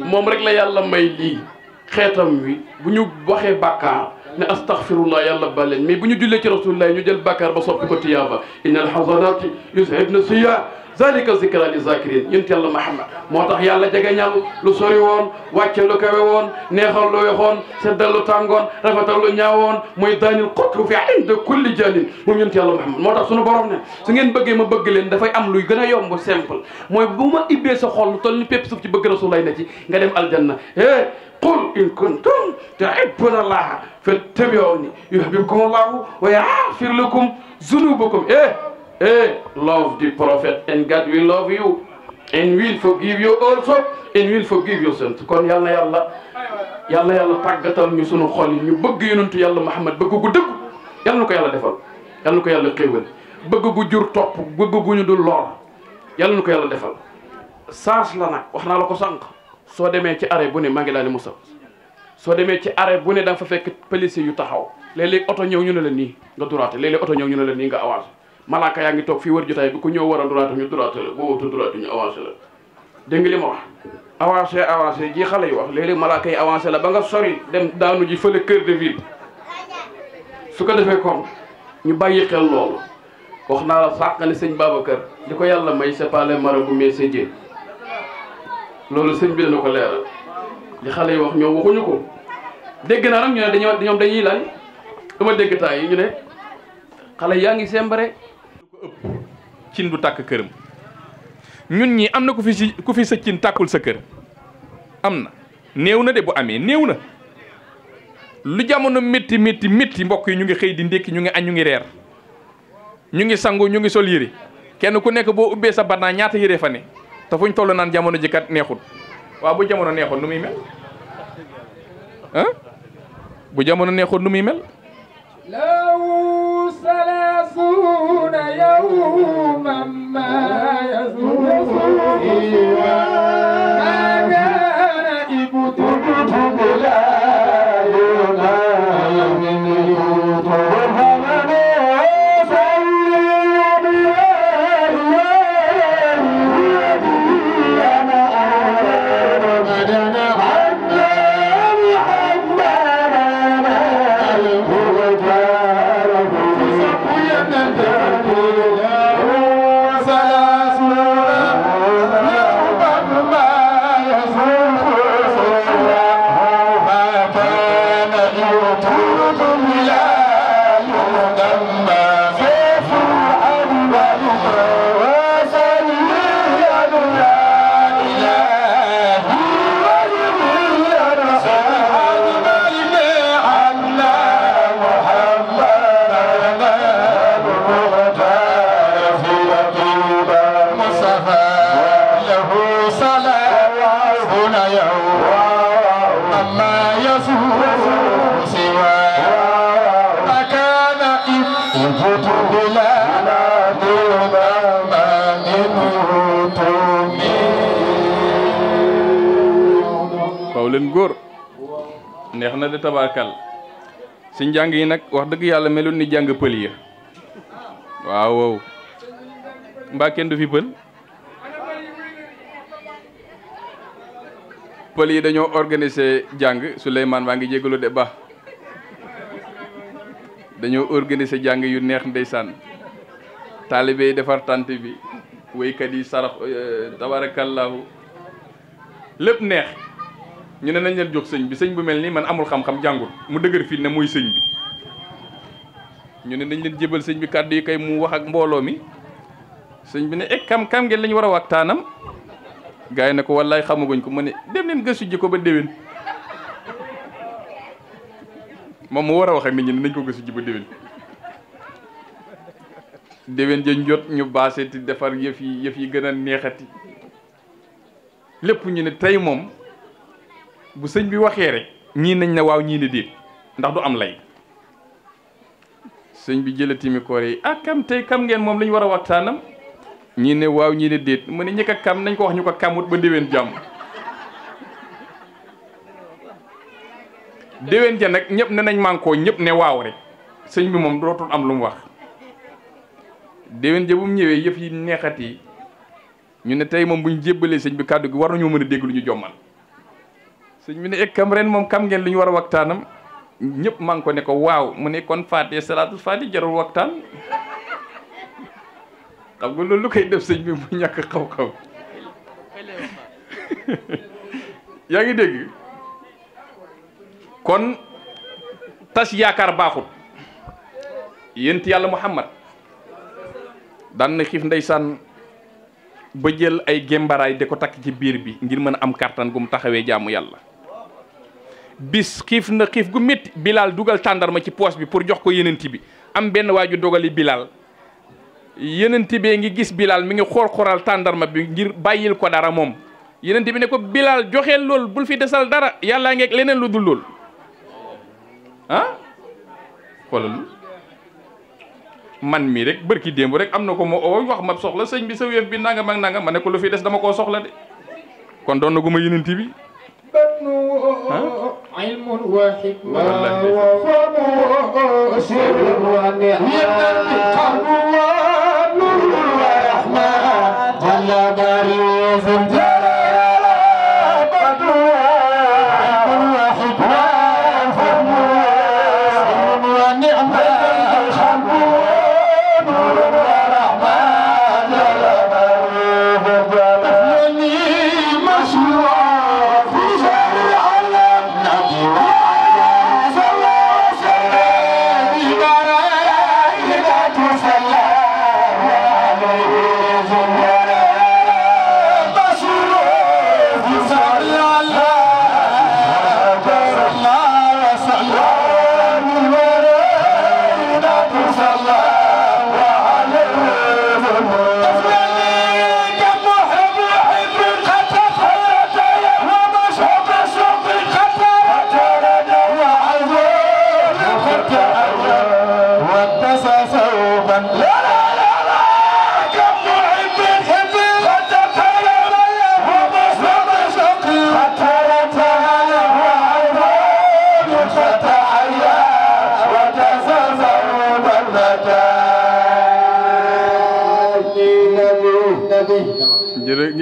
moom rek la yàlla may lii. xeetam wi bu ñu waxee bàkkaar ne astaghfirullah yàlla baal leen mais bu ñu jullee ci rasulullah ñu jël bàkkaar ba soppi ko tiyaaba inna alxasanati yuzhibna sayyi'at zalika zikra li zakirin yént yàlla Muhammad moo tax yàlla jege ñal lu sori woon wàcce lu kawe woon neexal lu wexoon seddal lu tàngoon rafetal lu ñaawoon muy daanil xotlu fi inde kulli janin moom yént yàlla Muhammad moo tax suñu borom ne su ngeen bëggee ma bëgg leen dafay am luy gën a yomb simple mooy bu ma ibbee sa xol lu toll ni pépp suuf ci bëgg rasulay na ci nga dem aljanna é qul in kuntum tuhibbuna allaha fattabi'uni yuhibbukum allahu wa yaghfir lakum zunubakum Hey, love the prophet and God will love you and will forgive you also and will forgive you sent kon yal na yàlla yal na yàlla tàggatal ñu sunu xol yi ñu bëgg yonentu yàlla Muhammad bëgg gu dëgg yal na ko yàlla defal yal na ko yàlla xéewal bëgg gu jur topp bëgg gu ñu dul lor yal na ko yàlla defal change la nag wax naa la ko sanq soo demee ci arrêt bu ne maa ngi laa ne soo demee ci arrêt bu ne da nga fa fekk policier yu taxaw léeg oto ñëw ñu ne la nii nga duraate léeg-léeg ñëw ñu ne la nii nga avancé malaaka yaa ngi toog fii wër jotaay bi ku ñëw war a droite ñu droite la boo wutu droite ñu avancé la dégg nga li ma wax avancé avancé ji xale yi wax léeg-léeg malaaka yi avancé la ba nga sori dem daanu ji fële kër de ville su ko defee kon ñu bàyyi xel loolu wax naa la sàq ne sëñ Babacar li ko yàlla may c'est pas le marabout mais c'est loolu sëñ bi dana ko leeral li xale yi wax ñoom waxuñu ko dégg naa nag ñu ne dañoo ñoom dañuy lan dama dégg temps yi ñu ne yaa ngi cin du tàkk këram ñun ñii am na ku fi si ku fi sa cin tàkkul sa kër am na néew na de bu amee néew na lu jamono métti métti métti mbokk yi ñu ngi xëy di ndékki ñu ngi añ ñu ngi reer ñu ngi sangu ñu ngi sol yére kenn ku nekk boo ubbee sa barnaa ñaata yére fa ne te fuñ toll naan jamono ji kat neexul waaw bu jamono neexoon nu muy mel bu jamono neexoon nu muy mel. له ثلاثون يوما ما يزول ما كان suñ njàng yi nag wax dëgg yàlla melul ni jàng pël ya waaw wow mbaa kenn du fi pël pël yi dañoo organiser jàng Souleymane maa ngi jégalu de ba dañoo organiser jàng yu neex ndeysaan taalibe yi bi wéykat yi sarax eh, tabarakallahu lépp neex ñu ne nañ leen jox sëñ bi sëñ bu mel nii man amul xam-xam jàngul mu dëgër fii ne mooy sëñ bi ñu ne nañ leen jébal sëñ bi kàddu yi kay mu wax ak mbooloo mi sëñ bi ne ek eh, kam kam ngeen la war a waxtaanam gars ko wallaay xamaguñ ko ma ne dem leen gëstu ji ko ba déwén moom mu war a wax ak nit ñi nañ ko gëstu ji ba déwén déwén ja jot ñu baaseti defar yëf yi yëf yi gën a neexati lépp ñu ne tey moom bu sëñ bi waxee rek ñii nañ ne waaw ñii ne déet ndax du am lay sëñ bi jëla timi koor yi ah kam tey kam ngeen moom lañu war a waxtaanam ñii ne waaw ñii ne déet mu ne ñi kam nañ ko wax ñu ko kamut ba déwén jàmm déwén ja nag ñëpp ne nañ mànkoo ñëpp ne waaw rek sëñ bi moom dootul am lu mu wax déwén ja bu mu ñëwee yëf yi neexat yi ñu ne tey moom bu ñu jébbalee sëñ bi kàddu gi war nañoo mën a dégg lu ñu jommal sëñ bi ne ekkam eh, ren moom kam ngeen lu ñu war a waxtaanam ñëpp maa ngi ne ko waaw mu ne kon faatee salaatul faati jarul waxtaan xam nga loolu lu koy def sëñ bi mu ñàkk xaw-xaw (laughs) yaa ngi dégg kon tas yaakaar baaxut yént yàlla muhammad daan na xiif ndeysaan ba jël ay gémbaraay de ko takk ci biir bi ngir mën a am kàttan gu mu taxawee jaamu yàlla bis xiif na xiif gu métti Bilal dugal tàndarma ci poos bi pour jox ko yenenti bi am benn waaju ju dogali Bilal yenenti bee ngi gis Bilal mi ngi xor xooral tàndarma bi ngir bàyyil ko dara moom yenenti bi ne ko Bilal joxeel lool bul fi desal dara yàllaa ngeeg leneen lu dul lool walla ah? xoolal man mi rek bërki démb rek am na ko ma oo wax ma soxla sëñ bi sa wéef bi nangam mag nangam ma ne ko lu fi des dama koo soxla de kon doon na gu ma yenenti bi بطنه علم وحكمة وفم وسر ونعمة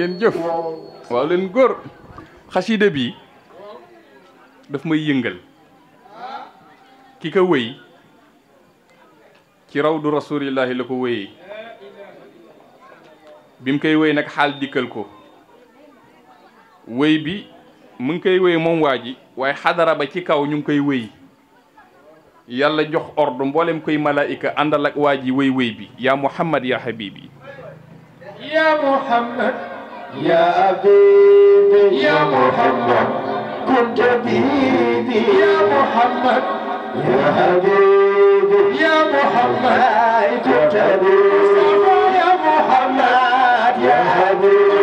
leen jëf waaw leen góor xasida bi daf may yëngal ki ko wéy ci raw du rasulillahi la ko wéyee bi mu koy wéy nag xaal dikkal ko wéy bi mu ngi koy wéy moom waa ji waaye xadara ba ci kaw ñu ngi koy wéy yàlla jox ordre mboolem koy malaayika àndal ak waa ji wéy wéy bi yaa muhammad yaa habibi yaa يا أبيبي يا محمد كن جديدي يا محمد يا حبيبي يا محمد كن جديدي يا محمد يا حبيبي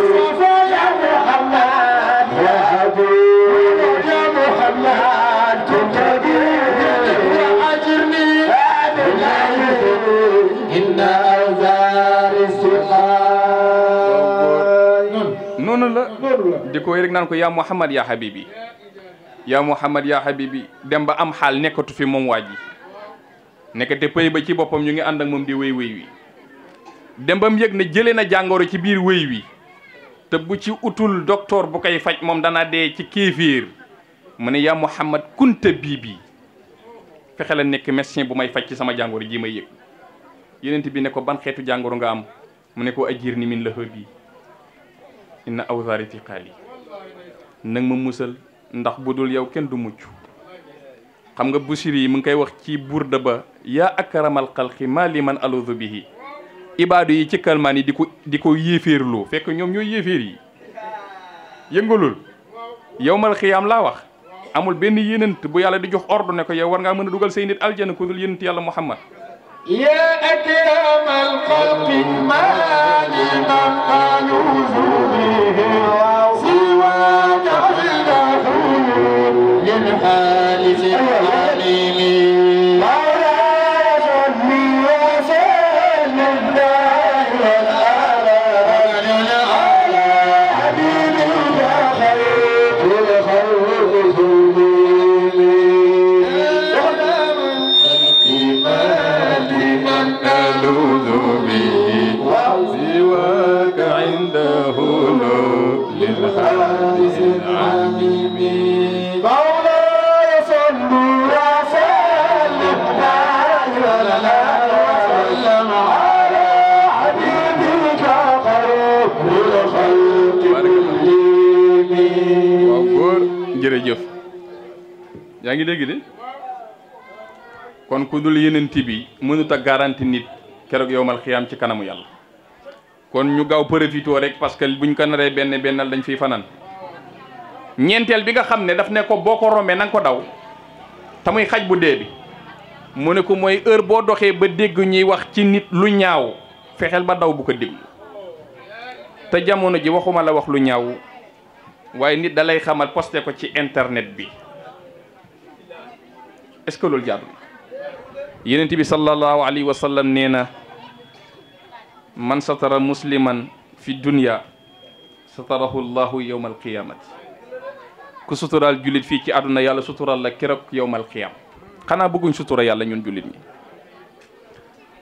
di ko rek naan ko yaa Muhammad yaa Habibi yaa Muhammad yaa Habibi dem ba am xaal nekkatu fi moom waa ji nekkate pëy ba ci boppam ñu ngi ànd ak moom di wéy wéy wi dem ba mu yëg ne jëlee na jàngooro ci biir wéy wi te bu ci utul docteur bu koy faj moom dana dee ci kéeféer mu ne yaa Muhammad kunta bii bii fexe la nekk messin bu may faj ci sama jàngoro ji may yëg yenent bi ne ko ban xeetu jàngoro nga am mu ne ko ajiir ni min la xëb yi inna awzaari tiqaali nag ma musal ndax bu dul yow kenn du mujj xam nga busiri mu ngi koy wax ci burda ba yaa akramal xalqi maa li man aludu bihi ibaadu yi ci kalmaan yi di ko di ko yéeféerloo fekk ñoom ñooy yéeféer yi yëngalul yowmal xiyaam laa wax amul benn yénant bu yàlla di jox ordre ne ko yow war ngaa mën a dugal say nit aljana ku dul yénant yàlla muhammad yaa akramal xalqi maa li man aludu bihi من حالف yaa ngi dégg de kon ku dul yenent bi mënut a garanti nit keroog yowmal xiyaam ci kanamu yàlla kon ñu gaaw profitoo rek parce que buñ ko naree benn bennal dañ fiy fanaan ñeenteel bi nga xam ne daf ne ko boo ko rombee na ko daw te muy xaj bu dee bi mu ne ko mooy heure boo doxee ba dégg ñuy wax ci nit lu ñaaw fexeel ba daw bu ko déglu te jamono ji waxuma la wax lu ñaaw waaye nit dalay xamal posté ko ci internet bi est-ce que loolu jaadu yenent bi alayhi wa sallam man satara musliman fi dunya satarahu llahu yowma alqiyamati ku suturaal jullit fii ci àdduna yàlla suturaal la keroog yowma alqiyam xanaa bëgguñ sutura yàlla ñun jullit ñi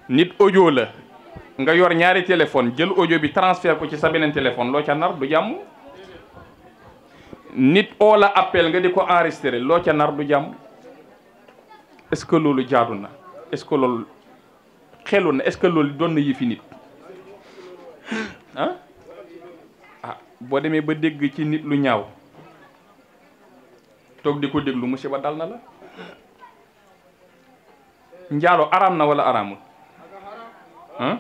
nit audio nga yor ñaari téléphone jël audio bi transfert ko ci sa beneen téléphone loo ca nar du jàmm nit oo la appel nga di ko enregistré loo ca jàmm est-ce que loolu jaadu na est-ce xelu na est-ce loolu doon na yëfi nit ah, ah boo demee ba dégg ci nit lu ñaaw toog di ko déglu musiba dal na la njaalo araam na wala araamul ah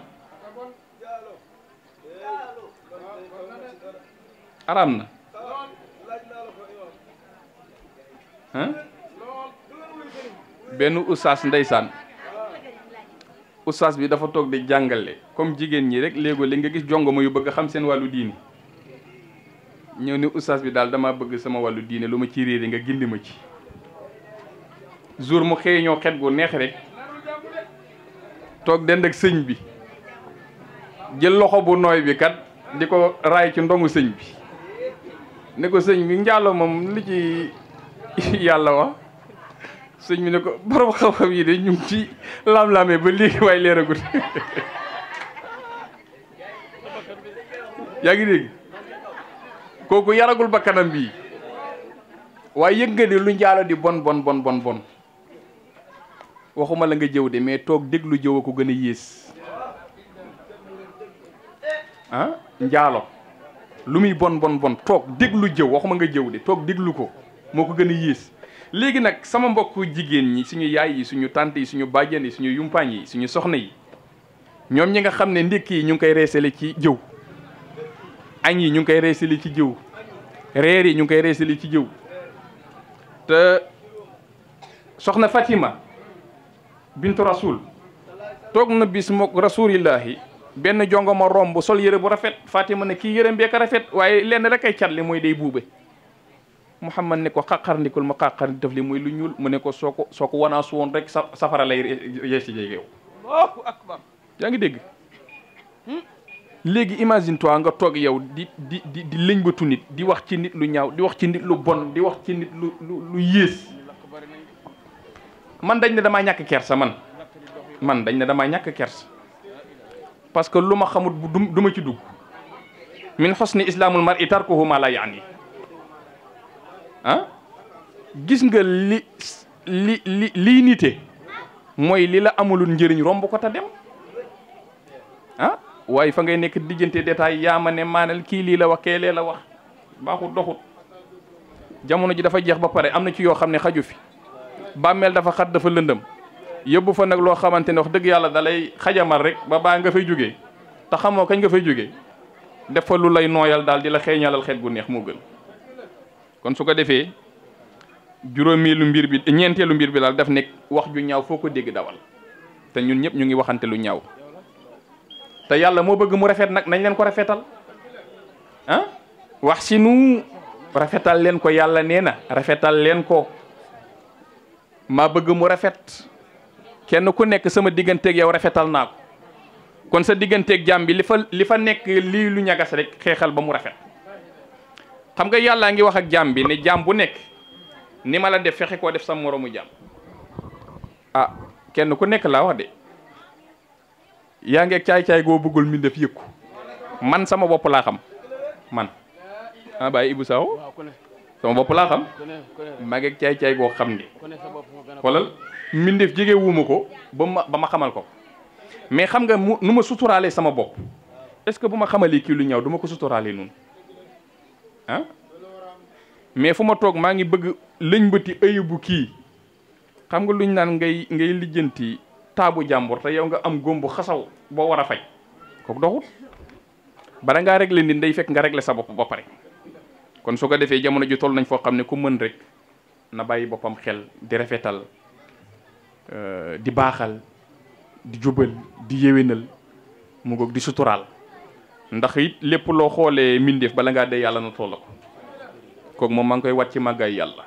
araam na ah benn oustaz ndeysaan oustaz bi dafa toog di jàngale comme jigéen ñi rek léegoo li nga gis jongoma yu bëgg xam seen wàllu diini ñëw ni oustaz bi daal dama bëgg sama wàllu diine lu ma ci réer nga gindi ma ci jour mu xëy xet gu neex rek toog dend ak sëñ bi jël loxo bu nooy bi kat di ko raay ci ndongu sëñ bi ne ko sëñ bi njaalo moom li ci (laughs) yàlla wax sëñ bi ne ko borom xam-xam yi de ñu ci laam-laamee ba léegi waaye leeragut yaa ngi dégg kooku yaragul bakkanam bii waaye yëg nga ne lu njaalo di bon bon bon bon waxuma la nga jëw de mais toog déglu jëw a ko gën a yées ah, njaalo lu muy bon bon bon toog déglu jëw waxuma nga jëw de toog déglu ko moo ko gën a yées léegi nag sama mbokku jigéen ñi suñu yaay yi suñu tante yi suñu bàjjen yi suñu yumpaañ yi suñu soxna yi ñoom ñi nga xam ne ndékki yi ñu ngi koy reesale ci jëw añ yi ñu ngi koy reesale ci jëw reer yi ñu ngi koy reesale ci jëw te soxna Fatima bintu Rasoul toog na bis mook rasulillahi benn jongo ma bu sol yére bu rafet Fatima ne kii yëre mbee rafet waaye lenn rek ay cat li mooy day buube Muhammad ne ko xaqarndikul ma xaqarndi def li muy lu ñuul mu ne ko soo ko soo wanaasu woon rek sa safara lay yeesi yow Allahu yaa ngi dégg léegi imagine toi nga toog yow di di di di lëñbatu nit di wax ci nit lu ñaaw di wax ci nit lu bon di wax ci nit lu lu lu yées man dañ ne damaa ñàkk kersa man man dañ ne damaa ñàkk kersa parce que lu ma xamut du ma ci dugg min xosni islaamul mar'i tarkuhu ma la yaani ah gis nga li li li lii nite mooy li la amulul njëriñ romb ko ta dem ah waaye fa ngay nekk diggante détail yaa ma ne maanal kii lii la wax kee lee la wax baaxut doxut jamono ji dafa jeex ba pare am na ci yoo xam ne xaju fi bàmmeel dafa xat dafa lëndëm yóbbu fa nag loo xamante ne wax dëgg yàlla dalay xajamal rek ba baa nga fay jóge te xamoo kañ nga fay jóge def fa lu lay nooyal daal di la xeeñalal xeet gu neex moo gën kon su ko defee juróomeelu mbir bi ñeenteelu mbir bi daal daf nekk wax ju ñaaw foo ko dégg dawal te ñun ñëpp ñu ngi waxante lu ñaaw te yàlla moo bëgg mu rafet nag nañ leen ko rafetal ah wax si nu rafetal leen ko yàlla nee na rafetal leen ko maa bëgg mu rafet kenn ku nekk sama digganteeg yow rafetal naa ko kon sa digganteeg jàmm bi li fa li fa nekk lii lu ñagas rek xeexal ba mu rafet xam nga yàllaa ngi wax ak jaam bi ne jaam bu nekk ni ma la def fexe koo def sama moroomu jaam ah kenn ku nekk laa wax de yaa ngeek ak caay-caay goo bëggul mi def yëkku man sama bopp laa xam man ah bàyyi Ibou Sow sama bopp laa xam maa ngi ak caay-caay goo xam ni xoolal mbindeef jege wuuma ko ba ma ba ma xamal ko mais xam nga mu nu ma suturaale sama bopp est-ce que bu ma xamalee kii lu ñaaw du ma ko suturaale noonu mais fu ma toog maa ngi bëgg lëñbëti ayibu kii xam nga luñ naan ngay ngay lijjanti taabu jàmbur te yow nga am góom bu xasaw boo war a faj kooku doxut bara ngaa régler nit day fekk nga regle sa bopp ba pare kon su ko defee jamono ji toll nañ foo xam ne ku mën rek na bàyyi boppam xel di rafetal euh, di baaxal di jubal di yéwénal mu ngoog di suturaal ndax it lépp loo xoolee mbindeef bala nga dee yàlla na toll ko kooku moom maa ngi koy wat ci màggaay yàlla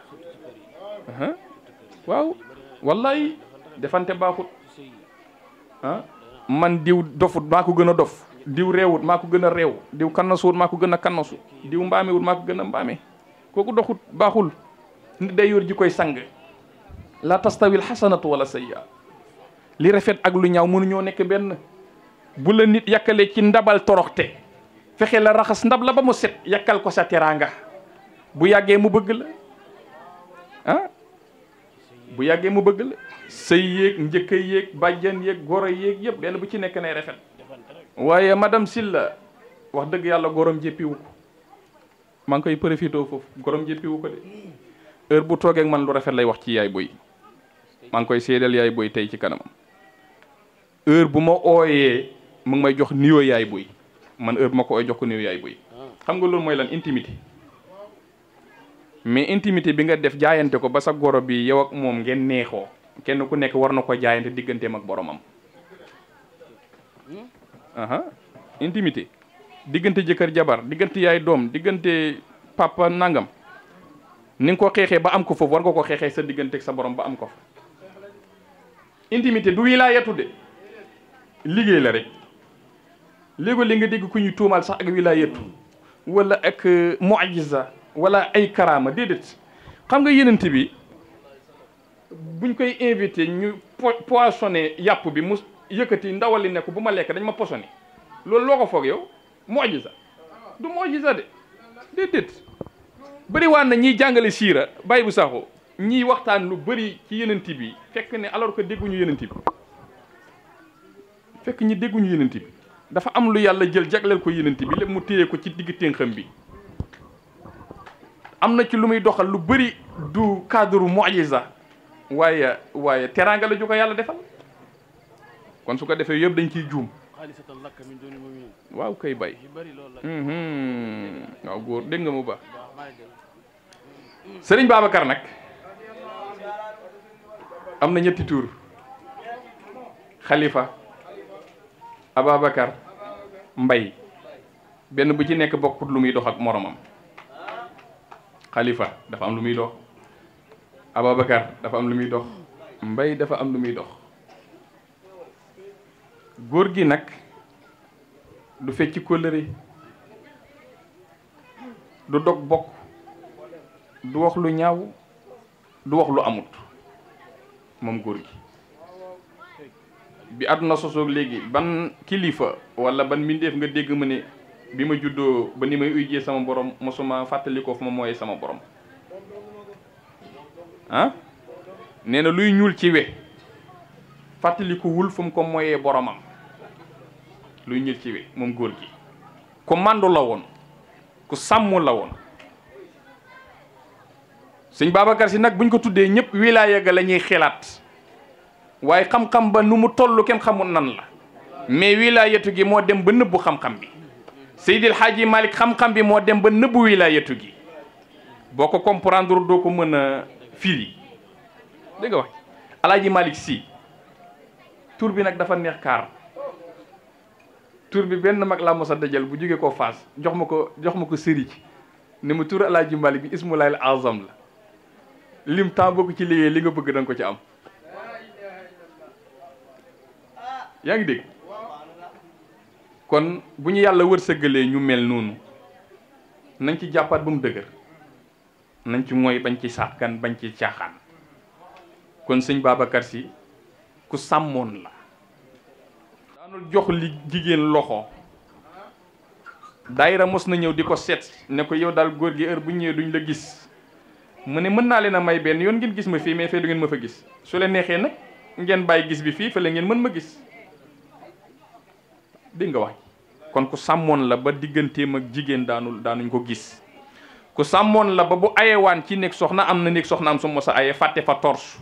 waaw wallaay defante baaxut ah man diw dofut maa ko gën a dof diw reewut maa ko gën a reew diw kannasuwut maa ko gën a kannasu diw mbaamewut maa ko gën mbaame kooku doxut baaxul nit day yor ji koy sang la tastawil xasanatu wala sayya li rafet ak lu ñaaw mënuñoo nekk benn bu la nit yàkkale ci ndabal toroxte fexe la raxas ndab la ba mu set yàkkal ko sa teraanga bu yàggee mu bëgg la ah bu yàggee mu bëgg la sëy yéeg njëkka yéeg bàjjan yéeg goro yéeg yëpp benn bu ci nekk nay rafet waaye madame la wax dëgg yàlla gorom jéppiwu ko maa ngi koy profité foofu gorom jéppiwu ko de heure bu toogeek man lu rafet lay wax ci yaay boy maa ngi koy seedeel yaay boy tey ci kanamam heure bu ma ooyee mu ngi may jox nuyoo yaay buy man heure bu ma ko jox ko nuyoo yaay buy ah. xam nga loolu mooy lan intimité mais intimité bi nga def jaayante ko ba sa goro bi yow ak moom ngeen neexoo kenn ku nekk war na ko jaayante digganteem mag boromam hmm? intimité diggante jëkkër jabar diggante yaay doom diggante papa nangam ni ko xeexee ba am ko foofu war ko xeexee sa diggante sa borom ba am ko fa intimité du wilaayatu de liggéey la rek léegoo li nga dégg ku ñuy tuumaal sax ak wilaayatu wala ak euh, mu'jiza wala ay karaama déedéet xam nga yenent bi buñ koy invité ñu poissonné yàpp bi mu yëkkati ndawal li ne bu ma lekk dañ ma poissonné loolu loo ko foog yow mu'jiza du mu'jiza de déedéet bëri waan na ñiy jàngale siira bàyyi bu saxo ñiy waxtaan lu bëri ci yenent bi fekk ne alors que dégguñu yenent bi fekk ñi dégguñu yenent bi dafa am lu yàlla jël jagleel ko yenent bi lépp mu téye ko ci digg ténxam bi am na ci lu muy doxal lu bëri du cadre mujiza waaye waaye teraanga la ju yàlla defal kon su ko defee yëpp dañ ciy juum waaw kay bay waaw góor dégg nga mu baax sëriñ Babacar nag am na ñetti tur xalifa Ababacar mbay benn bu ci nekk bokkut lu muy dox ak moromam xalifa dafa am lu muy dox Ababacar dafa am lu muy dox mbay dafa am lu muy dox góor gi nag du fecci kóllëre du dog bokk du wax lu ñaaw du wax lu amut moom góor gi bi àdduna sosoog léegi ban kilifa wala ban mbindeef nga dégg ma ne bi ma juddoo ba ni may ujjee sama borom mosuma fàttali ko fu ma sama borom ah na luy ñuul ci we fàttali mu ko mooyee boromam luy ñuul ci we moom góor gi ku màndu la woon ku sàmm la woon sëñ Babacar si nag buñ ko tuddee ñëpp wilaaya ga la ñuy xelaat waaye xam-xam ba nu mu toll kenn xamul nan la mais yetu gi moo dem ba nëbbu xam-xam bi Seydil Hadji Malick xam-xam bi moo dem ba nëbbu yetu gi boo ko comprendre doo ko mën a firi dégg nga wax Alaaji Malick si tur bi nag dafa neex kaar tur bi benn mag laa mos a dajal bu jógee ko faas jox ma ko jox ma ko sëriñ ni mu tur Alaaji Malick bi ismulaayil azam la lim temps boo ko ci liggéey li nga bëgg danga ko ci am yaa ngi dégg kon bu ñu yàlla wër wërsëgalee ñu mel noonu nañ ci jàppaat ba mu dëgër nañ ci mooy bañ ci sàkkan bañ ci caaxaan kon sëñ baabakar si ku sàmmoon la daanul jox li jigéen loxo daayira mos na ñëw di ko seet ne ko yow daal góor gi heure bu ñëwee duñ la gis mu ne mën naa leen a may benn yoon ngeen gis ma fii mais fee du ngeen ma fa gis su leen neexee nag ngeen bàyyi gis bi fii fa la ngeen mën ma gis dégg nga wax kon ku sàmmoon la ba digganteem ak jigéen daanul daanuñ ko gis ku sàmmoon la ba bu ayewaan ci néeg soxna am na néeg soxna am su mos a aye fàtte fa torsu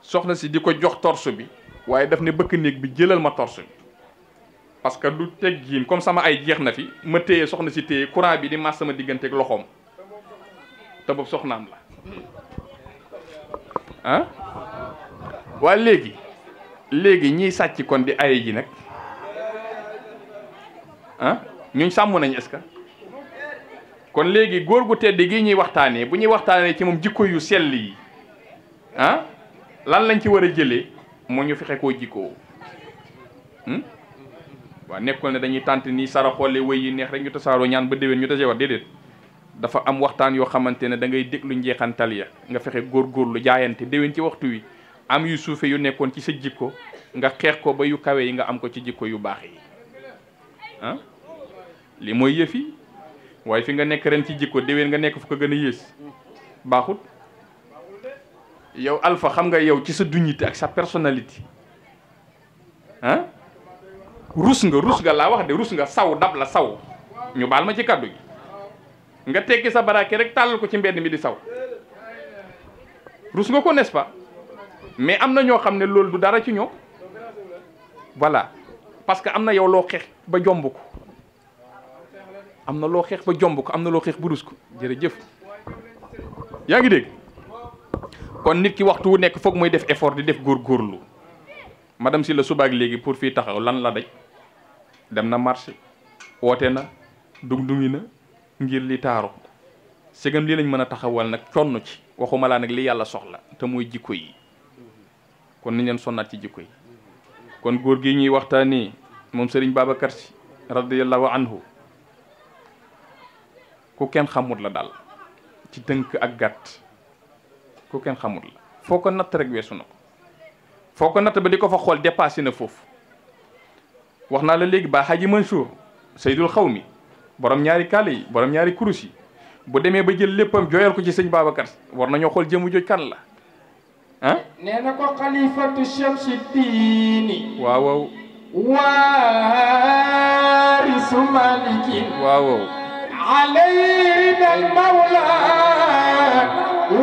soxna si di ko jox torsu bi waaye daf ne bëkk néeg bi jëlal ma torsu bi parce que du teggin comme sama ay jeex na fi ma téye soxna si téye courant bi di mas sama diggante loxoom te boobu soxnaam la ah waa léegi léegi ñiy sàcc kon di aye ji nag ah ñuñ sàmm nañ est kon léegi góor gu tedd gi ñuy waxtaanee bu ñuy waxtaanee ci moom jikko yu sell yi ah lan lañ ci war a jëlee moo ñu fexe koo jikkoo hmm? waaw nekkul ne dañuy tànt nii sara xoole yi neex rek ñu tasaaroo ñaan ba déwén ñu tasewaat déedéet dafa am waxtaan yoo xamante ne da ngay déglu njeexantal ya nga fexe góorgóorlu jaayante déwén ci waxtu wi am yu suufe yu nekkoon ci sa jikko nga xeex ko ba yu kawe yi nga am ko ci jikko yu baax yi ah li mooy yëf waaye fi nga nekk ren ci jikko déwén nga nekk fu ko gën a yées baaxut yow Alpha xam nga yow ci sa dignité ak sa personnalité ah rus nga rus nga laa wax de rus nga saw dab la saw ñu baal ma ci kàddu gi nga tekki sa baraake rek tàllal ko ci mbenn mi di saw rus nga ko nest mais am na ñoo xam ne loolu du dara ci ñoom voilà parce que am na yow loo xeex ba jombu ko am na loo xeex ba jomb ko am na loo xeex bu rus ko jërëjëf yaa ngi dégg kon nit ki waxtu wu nekk foog muy def efort di def góorgóorlu madame si la subaak léegi pour fii taxaw lan la daj dem na marché woote na dugdungi na ngir li taaru segam lii lañ mën a taxawal nag conn ci waxuma laa nag li yàlla soxla te mooy jikko yi kon nañ leen sonnaat ci jikko yi kon góor gi ñuy waxtaani moom sëriñ Babacar Si radiyallahu anhu ku kenn xamut la daal ci tënk ak gàtt ku kenn xamut la foo ko natt rek weesu na ko foo ko natt ba di ko fa xool dépassé na foofu wax naa la léegi ba Haji Mansour xaw mi borom ñaari kaala yi borom ñaari kurus yi bu demee ba jël léppam jooyal ko ci sëñ Babacar war na ñoo xool jëmu jooj kan la ah nee na ko xalifatu chamsi diini waaw waaw waarisu malikin waaw waaw alayna al mawla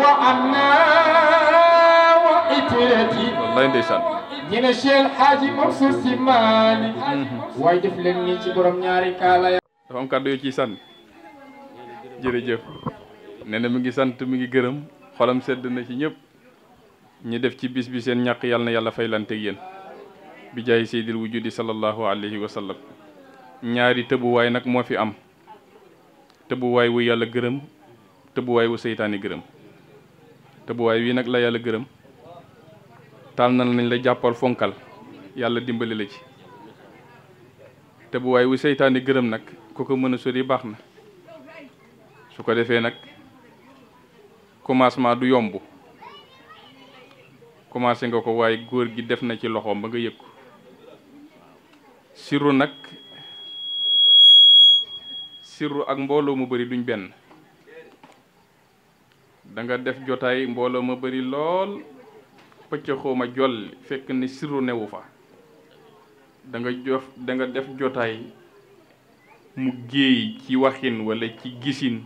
wa anna wa itrati wallaay ndeysaan ñu ne Cheikh Hadji Mansour Sy Malick mhm. waaye leen nii ci borom ñaari kaala ya dafa am kàddu yoo ciy jërëjëf nee na mi ngi sant mu ngi gërëm xolam sedd na ci ñëpp ñu def ci bis bi seen ñàq yàlla na yàlla fay lante yéen bi jaay seydil wujudi sallallahu alayhi wa sallam ñaari tëbuwaay nag moo fi am tëbuwaay wu yàlla gërëm tëbuwaay wu seytaane gërëm tëbuwaay wi nag la yàlla gërëm taal na nañ la jàppal fonkal yàlla dimbali la ci tëbuwaay wu seytaane gërëm nag ko ko mën a sori baax na su ko defee nag commencement du yomb commencé nga ko waaye góor gi def na ci loxoom ba nga yëg ko siru nag siru ak mbooloo mu bari duñ benn danga def jotaay mbooloo ma bari lool pëccëxoo ma jolli fekk ni siru newu fa danga nga jof def jotaay mu géey ci waxin walla ci gisin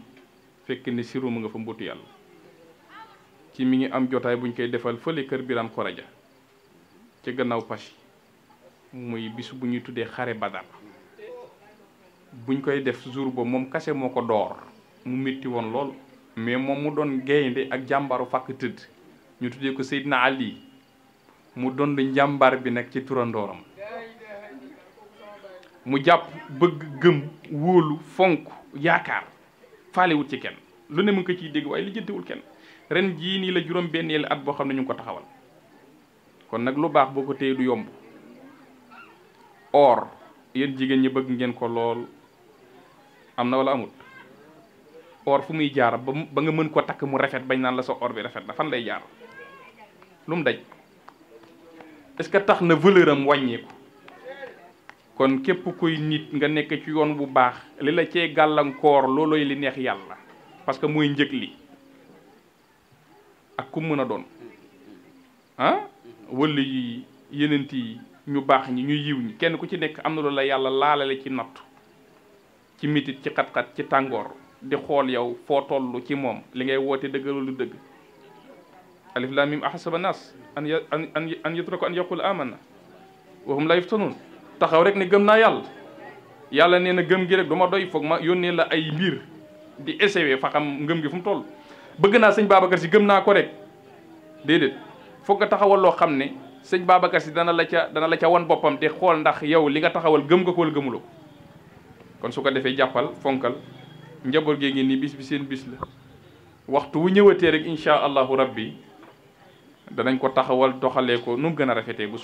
fekk ni siru mu nga fa mbutu yàlla ci mi ngi am jotaay bu ñu koy defal fële kër Biram Koraja ca gannaaw Passy muy bis bu ñuy tuddee xare Badar buñ koy def jour ba moom kase moo ko door mu métti woon lool mais moom mu doon gaynde ak jàmbaaru fàkk tëdd ñu tuddee ko Seydina Ali mu doon njàmbaar bi nekk ci turandooram mu jàpp bëgg gëm wóolu fonk yaakaar faalewut ci kenn lu ne mu ko ciy dégg waaye lijjantewul kenn ren jii nii la juróom-benneelu at boo xam ne ñu ko taxawal kon nag lu baax boo ko téye du yomb or yéen jigéen ñi bëgg ngeen ko lool am na wala amut or fu muy jaar ba ba nga mën ko takk mu rafet bañ naan la sa or bi rafet na fan lay jaar lu mu daj est-ce que tax na valeur am wàññeeku kon képp kuy nit nga nekk ci yoon bu baax li la cee gàllankoor loolooy li neex yàlla parce que mooy njëg li ak kum mën a doon ah wala yi yenent ñu baax ñi ñu yiw ñi kenn ku ci nekk am na loolu la yàlla laalale ci nattu ci mitit ci xat-xat ci tàngoor di xool yow foo toll ci moom li ngay woote dëggalul lu dëgg alif lam mim ahasaba nas an an an yutraku an yaqul amanna wa hum la yuftanun taxaw rek ne gëm naa yàlla yàlla nee na gëm gi rek du ma doy foog ma yónnee la ay mbir di essayer fa xam ngëm gi fu mu toll bëgg naa sëñ Babacar si gëm naa ko rek déedéet foog nga taxawal loo xam ne sëñ Babacar si dana la ca dana la ca wan boppam te xool ndax yow li nga taxawal gëm nga kool wala ko kon su ko defee jàppal fonkal njaboot gee ngi nii bis bi seen bis la waxtu wu ñëwatee rek incha allahu rabbi danañ ko taxawal doxalee ko nu mu gën a rafetee bu